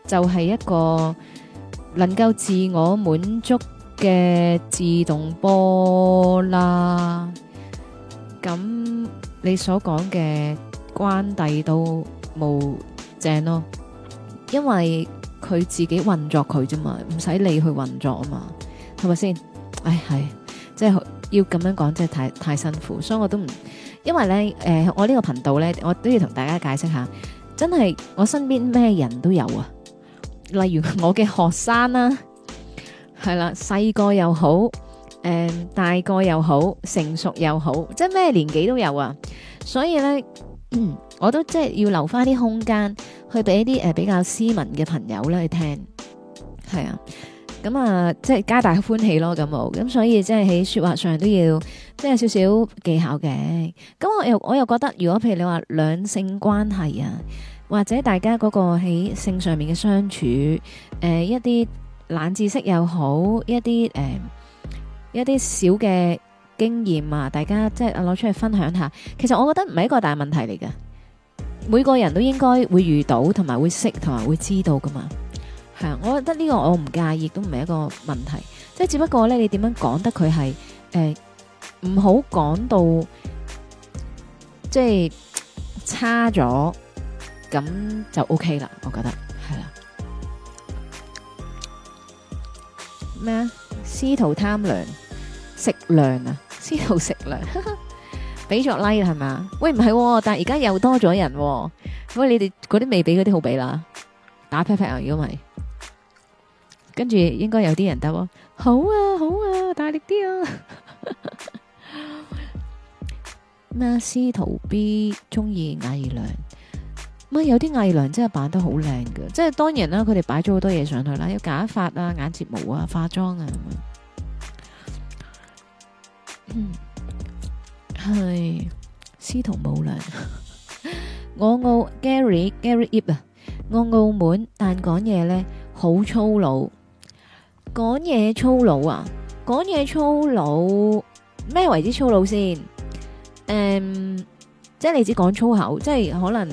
就係一個能夠自我滿足嘅自動波啦。咁你所講嘅關帝都冇正咯，因為佢自己運作佢啫嘛，唔使你去運作啊嘛，係咪先？唉，係即係。要咁樣講真係太太辛苦，所以我都唔，因為咧誒、呃，我呢個頻道咧，我都要同大家解釋下，真係我身邊咩人都有啊，例如我嘅學生啦、啊，係啦、啊，細個又好，誒、呃、大個又好，成熟又好，即係咩年紀都有啊，所以咧、嗯，我都即係要留返啲空間去俾一啲誒比較斯文嘅朋友咧去聽，係啊。咁啊，即係皆大歡喜咯，咁我，咁所以即係喺說話上都要，即係有少少技巧嘅。咁我又我又覺得，如果譬如你話兩性關係啊，或者大家嗰個喺性上面嘅相處，誒、呃、一啲冷知識又好，一啲誒、呃、一啲小嘅經驗啊，大家即係攞出去分享下。其實我覺得唔係一個大問題嚟嘅，每個人都應該會遇到，同埋會識，同埋會知道噶嘛。係，我覺得呢個我唔介意，都唔係一個問題，即係只不過咧，你點樣講得佢係誒，唔好講到即係差咗，咁就 O K 啦。我覺得係啦。咩啊？徒貪糧食糧啊！司徒食糧，俾咗拉 i k 係嘛？喂，唔係、哦，但係而家又多咗人、哦，喂，你哋嗰啲未俾，嗰啲好俾啦，打 pat pat 啊！如果係。跟住應該有啲人得喎，好啊，好啊，大力啲啊！咩？司徒 B 中意偽娘，乜有啲偽娘真係扮得好靚噶，即係當然啦，佢哋擺咗好多嘢上去啦，有假髮啊、眼睫毛啊、化妝啊。嗯，係司徒冇良，我澳 Gary Gary Ip 啊，我澳門但講嘢咧好粗魯。講嘢粗魯啊！講嘢粗魯，咩為之粗魯先？誒，um，即係你只講粗口，即係可能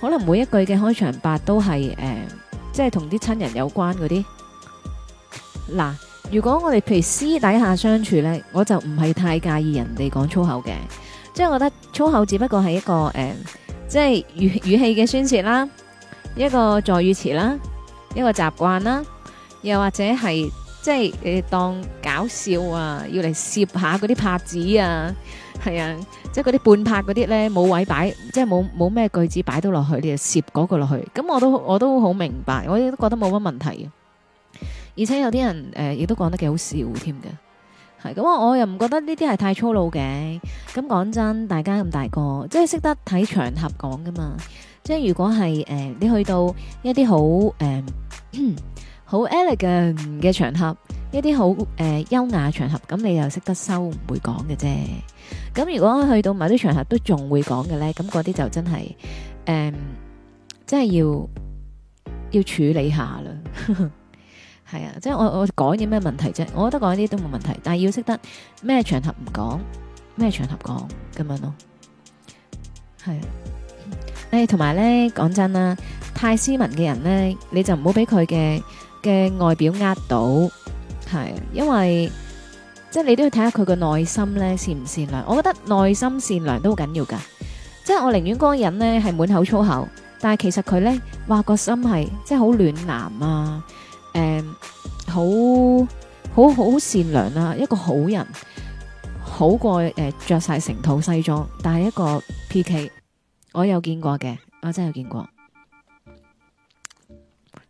可能每一句嘅開場白都係誒，uh, 即係同啲親人有關嗰啲。嗱，如果我哋譬如私底下相處呢，我就唔係太介意人哋講粗口嘅，即係我覺得粗口只不過係一個誒，uh, 即係語語氣嘅宣泄啦，一個助語詞啦，一個習慣啦，又或者係。即係誒，當搞笑啊，要嚟攝下嗰啲拍子啊，係啊，即係嗰啲半拍嗰啲咧，冇位擺，即係冇冇咩句子擺到落去，你就攝嗰個落去，咁、嗯、我都我都好明白，我都覺得冇乜問題嘅。而且有啲人誒，亦、呃、都講得幾好笑添嘅，係咁啊，我又唔覺得呢啲係太粗魯嘅。咁講真，大家咁大個，即係識得睇場合講噶嘛。即係如果係誒、呃，你去到一啲好誒。呃好 elegant 嘅場合，一啲好誒優雅場合，咁你又識得收，唔會講嘅啫。咁如果去到某啲場合都仲會講嘅咧，咁嗰啲就真係誒，真係要要處理下啦。係啊，即係我我講嘢咩問題啫？我覺得講啲都冇問題，但係要識得咩場合唔講，咩場合講咁樣咯。係誒，同埋咧，講真啦，太斯文嘅人咧，你就唔好俾佢嘅。嘅外表呃到，係因為即係你都要睇下佢個內心咧善唔善良。我覺得內心善良都好緊要噶，即係我寧願嗰個人咧係滿口粗口，但係其實佢咧話個心係即係好暖男啊，誒好好好善良啦，一個好人好過誒着晒成套西裝，但係一個 PK，我有見過嘅，我真係有見過。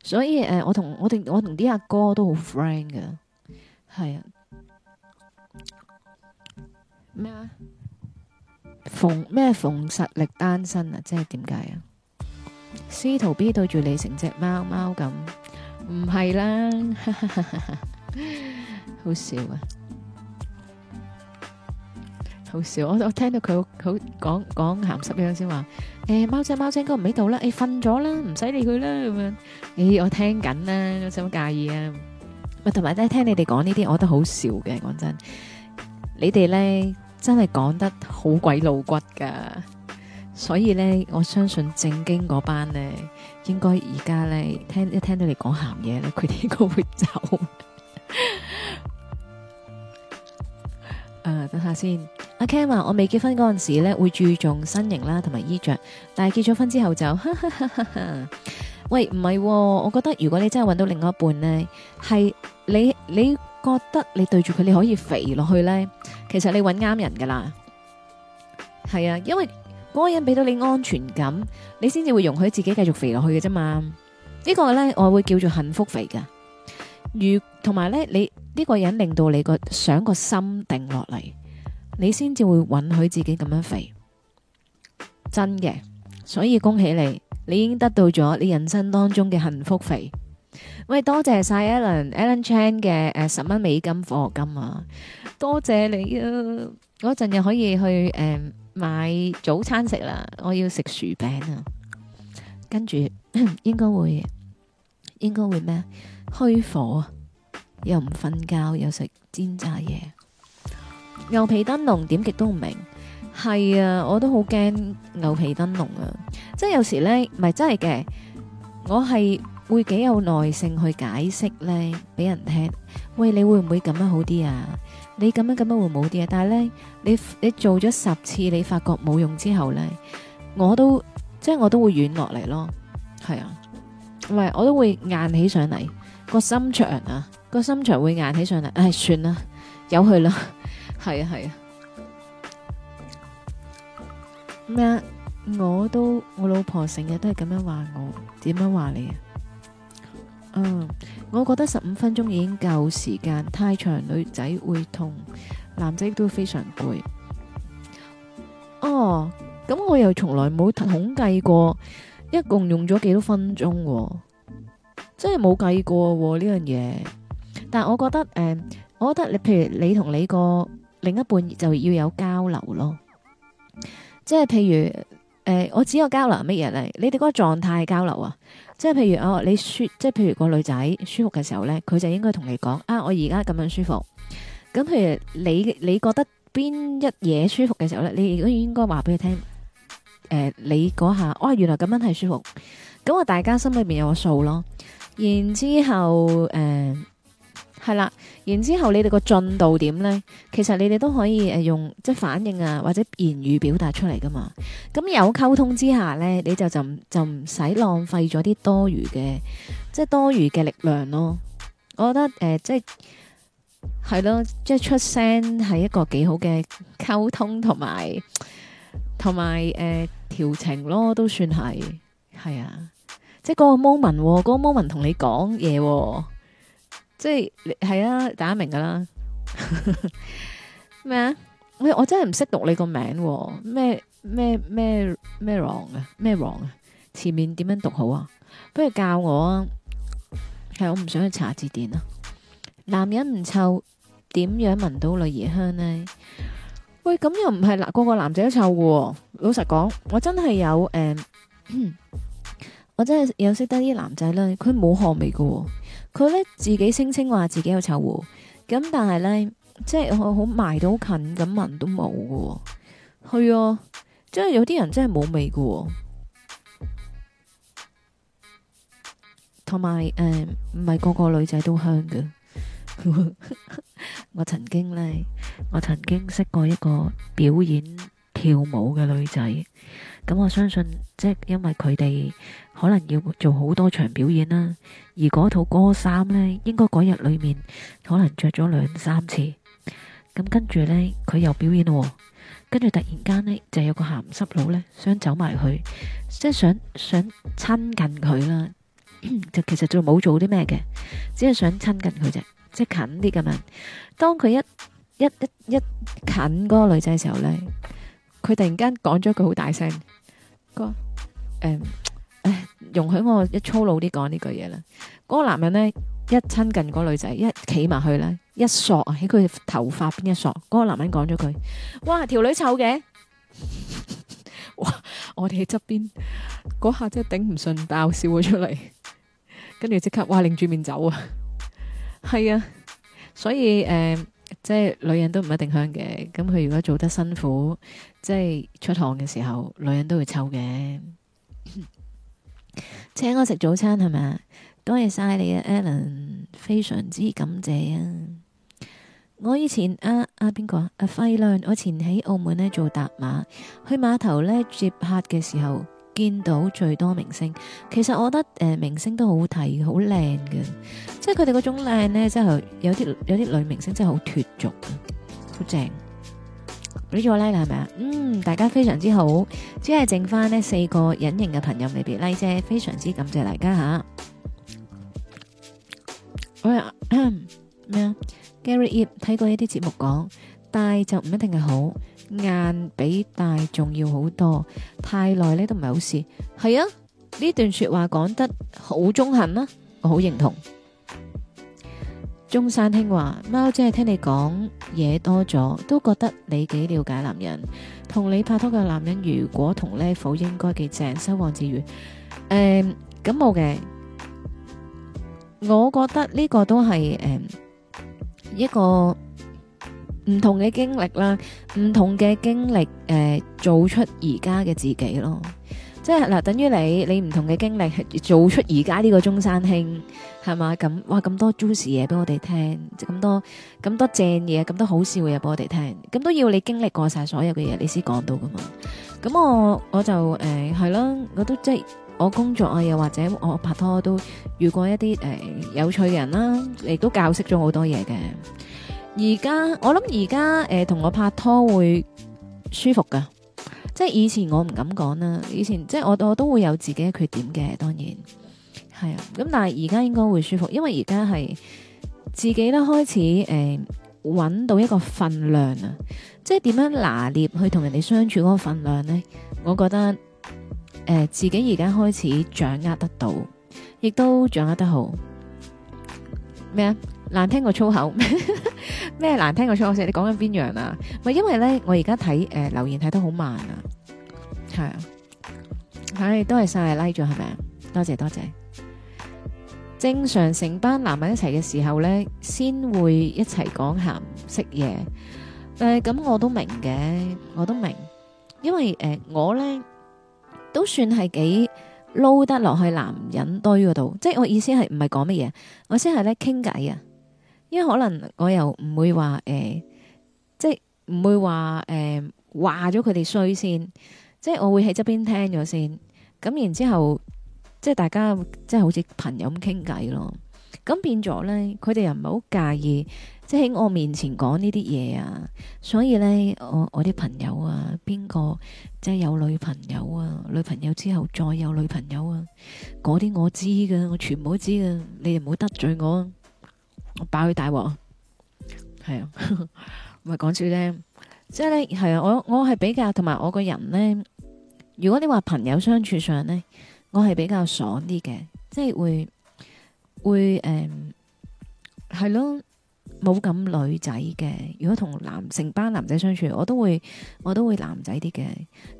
所以誒、呃，我同我哋我同啲阿哥都好 friend 噶。係啊。咩啊？逢咩逢實力單身啊？即係點解啊？司徒 B 對住你成隻貓貓咁，唔係啦， 好笑啊！好笑！我我聽到佢好講講鹹濕樣先話，誒貓仔貓仔哥唔喺度啦，誒瞓咗啦，唔使理佢啦咁樣。咦，我聽緊啦，使乜介意啊？喂，同埋真係聽你哋講呢啲，我覺得好笑嘅，講真。你哋咧真係講得好鬼露骨噶，所以咧我相信正經嗰班咧，應該而家咧聽一聽到你講鹹嘢咧，佢哋應該會走。啊，等下先。阿 Cam 話我未結婚嗰陣時咧，會注重身形啦，同埋衣着。但係結咗婚之後就，喂，唔係，我覺得如果你真係揾到另外一半咧，係你你覺得你對住佢你可以肥落去咧，其實你揾啱人噶啦。係啊，因為嗰個人俾到你安全感，你先至會容許自己繼續肥落去嘅啫嘛。呢個咧我會叫做幸福肥噶。如同埋咧你。呢個人令到你個想個心定落嚟，你先至會允許自己咁樣肥，真嘅。所以恭喜你，你已經得到咗你人生當中嘅幸福肥。喂，多謝晒 Alan Alan Chan 嘅誒、呃、十蚊美金課金啊！多謝你啊，我一陣又可以去誒、呃、買早餐食啦，我要食薯餅啊，跟住 應該會應該會咩？虛火啊！又唔瞓覺，又食煎炸嘢。牛皮燈籠點極都唔明，係啊，我都好驚牛皮燈籠啊。即係有時咧，唔係真係嘅，我係會幾有耐性去解釋咧，俾人聽喂，你會唔會咁樣好啲啊？你咁樣咁樣會唔好啲啊？但係咧，你你做咗十次，你發覺冇用之後咧，我都即係我都會軟落嚟咯，係啊，唔係我都會硬起上嚟個心腸啊。個心腸會硬起上嚟，唉、哎，算啦，由佢啦，係啊係啊。咩啊？我都我老婆成日都係咁樣話我，點樣話你啊？嗯，我覺得十五分鐘已經夠時間，太長女仔會痛，男仔都非常攰。哦，咁我又從來冇統計過，一共用咗幾多分鐘喎？真係冇計過喎，呢樣嘢。但係，我覺得誒、呃，我覺得你譬如你同你個另一半就要有交流咯，即係譬如誒、呃，我指個交流乜嘢咧？你哋嗰個狀態交流啊，即係譬如哦，你舒即係譬如個女仔舒服嘅時候咧，佢就應該同你講啊，我而家咁樣舒服。咁譬如你你覺得邊一嘢舒服嘅時候咧，你都應該話俾佢聽。誒、呃，你嗰下，哦，原來咁樣係舒服，咁啊，大家心裏邊有個數咯。然之後誒。呃係啦，然之後你哋個進度點咧？其實你哋都可以誒用即係反應啊，或者言語表達出嚟噶嘛。咁有溝通之下咧，你就就就唔使浪費咗啲多餘嘅即係多餘嘅力量咯。我覺得誒、呃，即係係咯，即係出聲係一個幾好嘅溝通同埋同埋誒調情咯，都算係係啊。即係嗰個 moment，嗰個 moment 同你講嘢。即係你係啊，大家明噶啦。 咩啊？喂，我真係唔識讀你個名，咩咩咩咩王啊，咩王啊？前面點樣讀好啊？不如教我啊！其實我唔想去查字典啊。男人唔臭，點樣聞到女兒香呢？喂，咁又唔係嗱，個個男仔都臭、啊。老實講，我真係有誒、嗯，我真係有識得啲男仔啦，佢冇汗味噶、啊。佢呢，自己聲稱話自己有臭狐，咁但係呢，即係我好埋到好近，咁聞都冇嘅、哦，係啊，即係有啲人真係冇味嘅、哦，同埋誒，唔係個個女仔都香嘅。 我曾經呢，我曾經識過一個表演跳舞嘅女仔，咁我相信。即係因為佢哋可能要做好多場表演啦，而嗰套歌衫呢，應該嗰日裏面可能着咗兩三次。咁跟住呢，佢又表演咯。跟住突然間呢，就有個鹹濕佬呢，想走埋去，即係想想親近佢啦。就其實就冇做啲咩嘅，只係想親近佢啫，即係近啲咁樣。當佢一一一一近嗰個女仔嘅時候呢，佢突然間講咗句好大聲，個誒、嗯，唉，容許我一粗魯啲講呢句嘢啦。嗰、那個男人咧一親近個女仔，一企埋去啦，一索喺佢頭髮邊一索。嗰、那個男人講咗句：哇，條女臭嘅。哇，我哋喺側邊嗰下真係頂唔順，爆笑咗出嚟，跟住即刻哇，擰住面走啊。係啊，所以誒、呃，即係女人都唔一定香嘅。咁佢如果做得辛苦，即係出汗嘅時候，女人都會臭嘅。請我食早餐係咪啊？多謝晒你啊 Alan，非常之感謝啊！我以前阿阿邊個啊？阿、啊、費、啊、亮，我以前喺澳門咧做搭馬，去碼頭咧接客嘅時候見到最多明星。其實我覺得誒、呃，明星都好好睇，好靚嘅，即係佢哋嗰種靚呢，真係有啲有啲女明星真係好脫俗，好正。俾咗拉啦係咪啊？嗯，大家非常之好，只係剩翻呢四個隱形嘅朋友未俾拉啫，非常之感謝大家吓。我話咩啊？Gary 葉睇過一啲節目講，大就唔一定係好，硬比大重要好多，太耐咧都唔係好事。係啊，呢段說話講得好中肯啊，我好認同。中山聽話貓，貓姐係聽你講嘢多咗，都覺得你幾了解男人。同你拍拖嘅男人，如果同呢，否應該幾正收望資源誒。咁冇嘅，我覺得呢個都係誒、嗯、一個唔同嘅經歷啦，唔同嘅經歷誒、呃，做出而家嘅自己咯。即係嗱，等於你你唔同嘅經歷，做出而家呢個中山兄，係嘛？咁哇，咁多 juice 嘢俾我哋聽，即咁多咁多正嘢，咁多好笑嘢俾我哋聽，咁都要你經歷過晒所有嘅嘢，你先講到噶嘛。咁我我就誒係咯，我都即係我工作啊，又或者我拍拖都遇過一啲誒、呃、有趣嘅人啦，亦都教識咗好多嘢嘅。而家我諗而家誒同我拍拖會舒服噶。即係以前我唔敢講啦。以前即係我我都會有自己嘅缺點嘅，當然係啊。咁但係而家應該會舒服，因為而家係自己都開始誒搵，呃、到一個份量啊。即係點樣拿捏去同人哋相處嗰個份量呢？我覺得誒，呃、自己而家開始掌握得到，亦都掌握得好咩啊？難聽過粗口咩？ 難聽過粗口，你講緊邊樣啊？咪因為咧，我而家睇誒留言睇得好慢啊，係啊，都係晒拉咗係咪啊？多謝多謝。正常成班男人一齊嘅時候咧，先會一齊講咸濕嘢。誒、呃，咁我都明嘅，我都明，因為誒、呃、我咧都算係幾撈得落去男人堆嗰度，即係我意思係唔係講乜嘢，我先係咧傾偈啊。因為可能我又唔會話誒、呃，即係唔會話誒話咗佢哋衰先，即係我會喺側邊聽咗先，咁然之後即係大家即係好似朋友咁傾偈咯。咁變咗咧，佢哋又唔係好介意，即係喺我面前講呢啲嘢啊。所以咧，我我啲朋友啊，邊個即係有女朋友啊，女朋友之後再有女朋友啊，嗰啲我知噶，我全部都知噶，你哋唔好得罪我啊。我爆佢大鑊，係啊，唔係講笑咧，即係咧，係啊，我我係比較同埋我個人咧，如果你話朋友相處上咧，我係比較爽啲嘅，即係會會誒，係、呃、咯，冇咁、啊、女仔嘅。如果同男成班男仔相處，我都會我都會男仔啲嘅。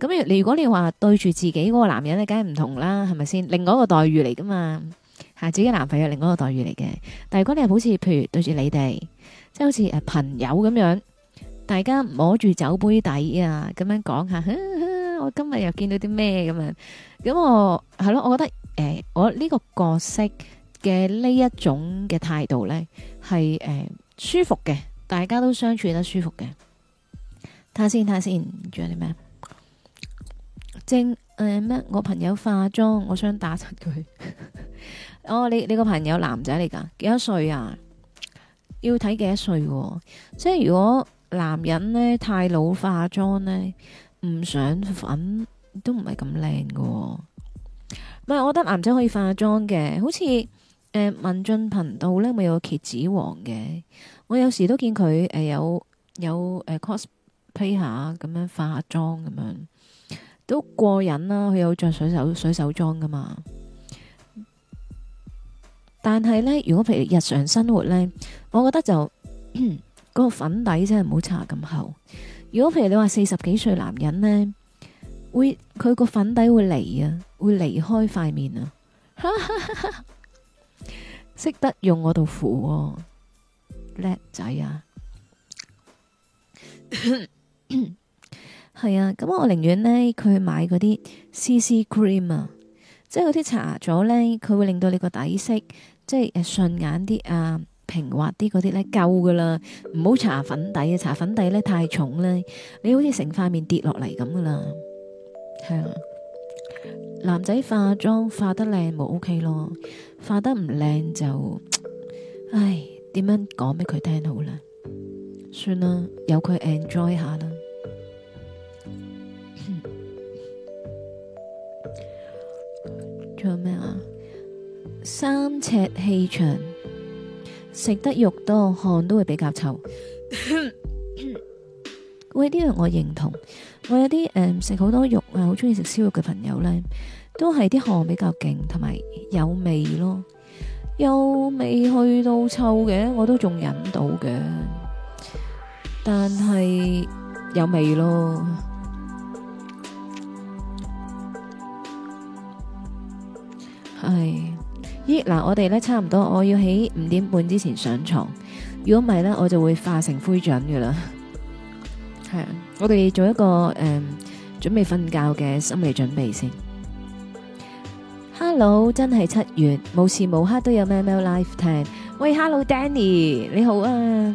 咁如，如果你話對住自己嗰個男人咧，梗係唔同啦，係咪先？另外一個待遇嚟噶嘛。吓，自己男朋友另外一個待遇嚟嘅，但係如果你係好似譬如對住你哋，即係好似誒朋友咁樣，大家摸住酒杯底啊咁樣講下哈哈。我今日又見到啲咩咁樣，咁我係咯，我覺得誒、呃、我呢個角色嘅呢一種嘅態度咧係誒舒服嘅，大家都相處得舒服嘅。睇下先，睇下先，仲有啲咩？正誒咩、呃？我朋友化妝，我想打柒佢。 哦，你你個朋友男仔嚟噶，幾多歲啊？要睇幾多歲喎、啊，即係如果男人呢，太老化妝呢，唔想粉都唔係咁靚噶。唔係，我覺得男仔可以化妝嘅，好似誒文俊頻道呢咪有個蠍子王嘅，我有時都見佢誒、呃、有有誒、呃、cosplay 下咁樣化下妝咁樣，都過癮啦、啊。佢有着水手水手裝噶嘛。但係咧，如果譬如日常生活咧，我覺得就嗰、 嗰個粉底真係唔好搽咁厚。如果譬如你話四十幾歲男人咧，會佢個粉底會離啊，會離開塊面啊，識 得用我度符、哦，叻仔啊！係 啊，咁我寧願呢，佢買嗰啲 C C cream 啊，即係嗰啲搽咗呢，佢會令到你個底色。即係順眼啲啊，平滑啲嗰啲呢夠噶啦，唔好搽粉底啊，搽粉底呢太重呢，你好似成塊面跌落嚟咁噶啦，係啊，男仔化妝化得靚冇 OK 咯，化得唔靚就，唉，點樣講俾佢聽好咧？算啦，由佢 enjoy 下啦。仲 有咩啊？三尺氣長，食得肉多，汗都會比較臭。喂，呢樣我認同，我有啲誒食好多肉啊，好中意食燒肉嘅朋友呢，都係啲汗比較勁，同埋有味咯。又未去到臭嘅，我都仲忍到嘅，但係有味咯。係。咦嗱、yeah，我哋咧差唔多，我要喺五點半之前上床。如果唔係咧，我就會化成灰燼噶啦。係 啊，我哋做一個誒、嗯、準備瞓覺嘅心理準備先。Hello，真係七月，無時無刻都有咩咩 Life Time。喂，Hello Danny，你好啊。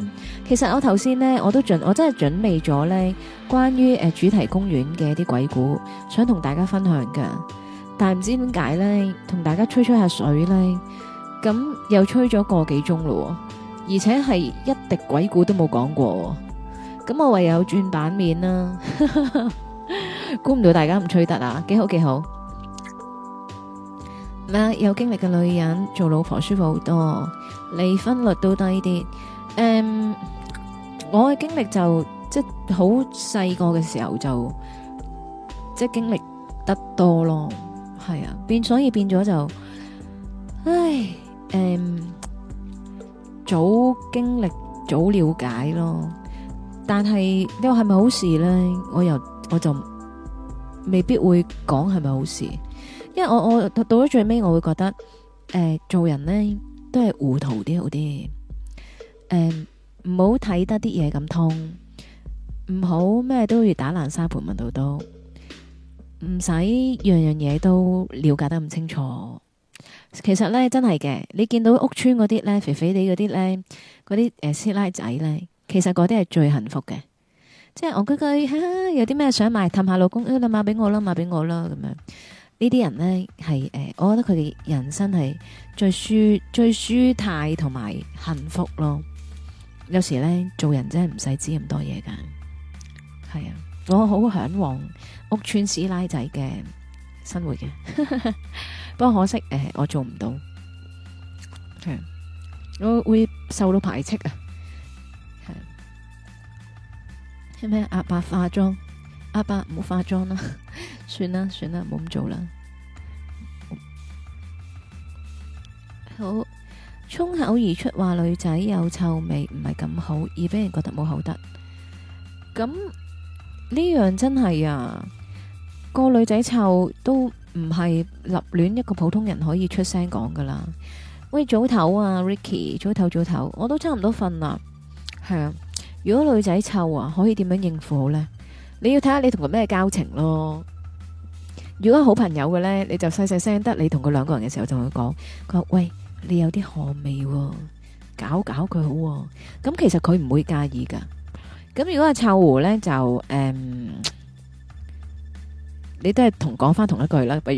其實我頭先咧，我都準，我真係準備咗咧，關於誒主題公園嘅一啲鬼故，想同大家分享㗎。但係唔知點解咧，同大家吹吹下水咧，咁又吹咗個幾鐘咯，而且係一滴鬼故都冇講過，咁我唯有轉版面啦，估唔到大家唔吹得啊，幾好幾好。嗱，有經歷嘅女人做老婆舒服好多，離婚率都低啲。誒，我嘅經歷就即係好細個嘅時候就即係經歷得多咯。係啊，變所以變咗就，唉，嗯，早經歷早了解咯，但係你話係咪好事咧？我又我就未必會講係咪好事，因為我我到咗最尾我會覺得，誒，做人咧都係糊塗啲好啲，誒，唔好睇得啲嘢咁痛，唔好咩都要打爛沙盤問到都。唔使樣樣嘢都了解得咁清楚，其實咧真係嘅，你見到屋村嗰啲咧，肥肥哋嗰啲咧，嗰啲誒師奶仔咧，其實嗰啲係最幸福嘅，即係我佢佢有啲咩想買，氹下老公，你買俾我啦，買俾我啦，咁樣呢啲人咧係誒，我覺得佢哋人生係最舒最舒泰同埋幸福咯。有時咧做人真係唔使知咁多嘢噶，係啊，我好向往。屋村屎拉仔嘅生活嘅， 不過可惜誒、呃，我做唔到，我會受到排斥啊！係咩？阿伯化妝，阿伯唔好化妝啦，算啦算啦，唔好咁做啦。好，衝口而出話女仔有臭味唔係咁好，而俾人覺得冇口德。咁呢樣真係啊！個女仔臭都唔係立亂一個普通人可以出聲講噶啦。喂，早唞啊，Ricky，早唞早唞，我都差唔多瞓啦。係啊，如果女仔臭啊，可以點樣應付好呢？你要睇下你同佢咩交情咯。如果好朋友嘅呢，你就細細聲得你同佢兩個人嘅時候就會講，佢話喂，你有啲汗味喎，搞搞佢好喎。咁其實佢唔會介意噶。咁如果係臭狐呢，就誒。嗯你都係同講翻同一句啦，不如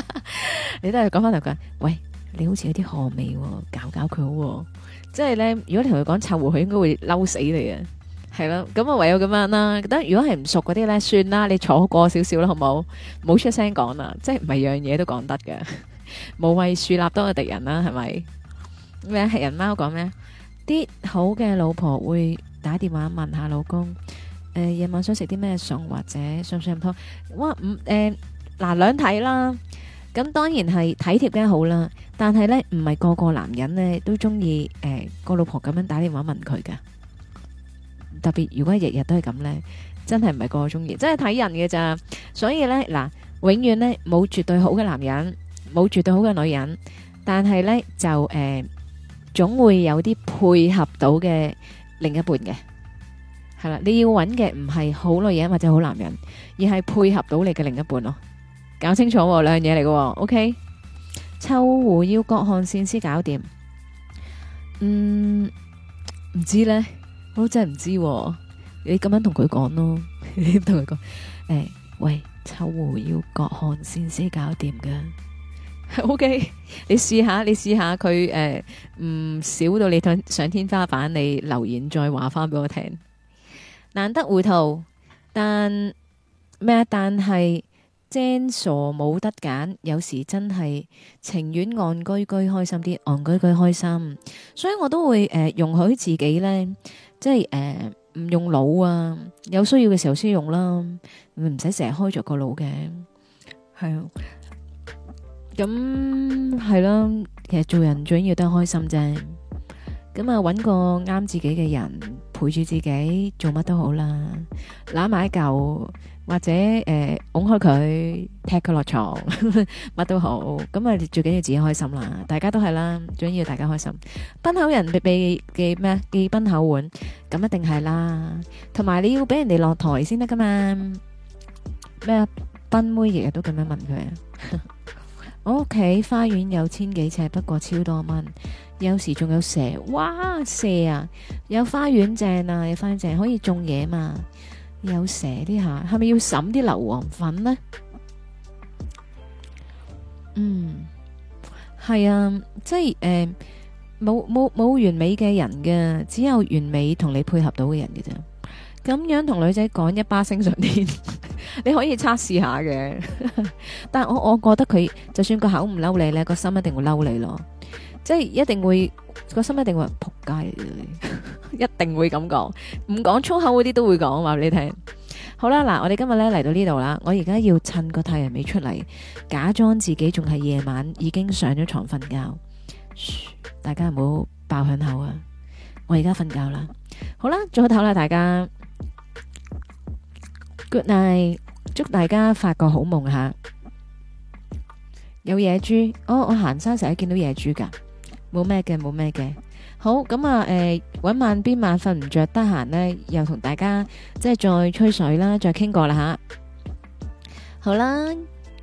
你都係講翻同一句。喂，你好似有啲狐味喎，哦，搞搞佢好喎。即係咧，如果你同佢講臭狐，佢應該會嬲死你嘅。係咯，咁啊唯有咁樣啦。得如果係唔熟嗰啲咧，算啦，你坐過少少啦，好冇？冇出聲講啦，即係唔係樣嘢都講得嘅，無謂樹立多個敵人啦，係咪？咩？係人貓講咩？啲好嘅老婆會打電話問下老公。誒，夜晚想食啲咩餸或者想唔想飲湯？哇，五誒，嗱兩睇啦。咁當然係體貼梗係好啦，但係咧唔係個個男人咧都中意，誒個老婆咁樣打電話問佢㗎。特別如果日日都係咁咧，真係唔係個個中意，真係睇人嘅咋。所以咧嗱，永遠咧冇絕對好嘅男人，冇絕對好嘅女人，但係咧就誒總會有啲配合到嘅另一半嘅。係啦，你要揾嘅唔係好女人或者好男人，而係配合到你嘅另一半咯、哦。搞清楚、哦、兩樣嘢嚟嘅，OK？臭狐要各項善事搞掂。嗯，唔知咧，我真係唔知道、哦。你咁樣同佢講咯， 你同佢講。誒、哎，喂，臭狐要各項善事搞掂嘅。OK，你試下，你試下佢誒，唔、呃嗯、少到你上上天花板，你留言再話翻俾我聽。難得回頭，但咩？但係，精傻冇得揀，有時真係情願戇居居開心啲，戇居居開心。所以我都會誒、呃、容許自己咧，即係誒唔用腦啊，有需要嘅時候先用啦，唔使成日開着個腦嘅。係啊的，咁係啦，其實做人最緊要都係開心啫。咁、嗯、啊，搵、嗯、個啱自己嘅人。陪住自己做乜都好啦，攬埋一舊或者誒，拱、呃、開佢，踢佢落床，乜都好。咁啊，最緊要自己開心啦。大家都係啦，最緊要大家開心。賓口人被嘅咩，記賓口碗，咁一定係啦。同埋你要俾人哋落台先得噶嘛。咩賓妹日日都咁樣問佢啊？ 我屋企花園有千幾尺，不過超多蚊。有時仲有蛇，哇蛇啊！有花園正啊，有花園正可以種嘢嘛？有蛇啲下，係咪要糝啲硫磺粉呢？嗯，係啊，即係誒，冇冇冇完美嘅人嘅，只有完美同你配合到嘅人嘅啫。咁樣同女仔講一巴聲上天， 你可以測試下嘅。 但係我我覺得佢就算個口唔嬲你咧，個心一定會嬲你咯。即係一定會，個心一定會撲街， 一定會咁講，唔講粗口嗰啲都會講，話俾你聽。 好啦，嗱，我哋今日咧嚟到呢度啦，我而家要趁個太陽未出嚟，假裝自己仲係夜晚，已經上咗床瞓覺。噓，大家唔好爆響口啊！我而家瞓覺啦。好啦，早唞啦，大家 good night，祝大家發個好夢吓。有野豬，我、oh, 我行山成日見到野豬噶。冇咩嘅，冇咩嘅。好咁啊，誒，搵晚邊晚瞓唔著，得閒呢又同大家即係再吹水啦，再傾過啦吓。好啦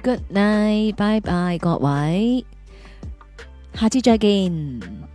，Good night，拜拜各位，下次再見。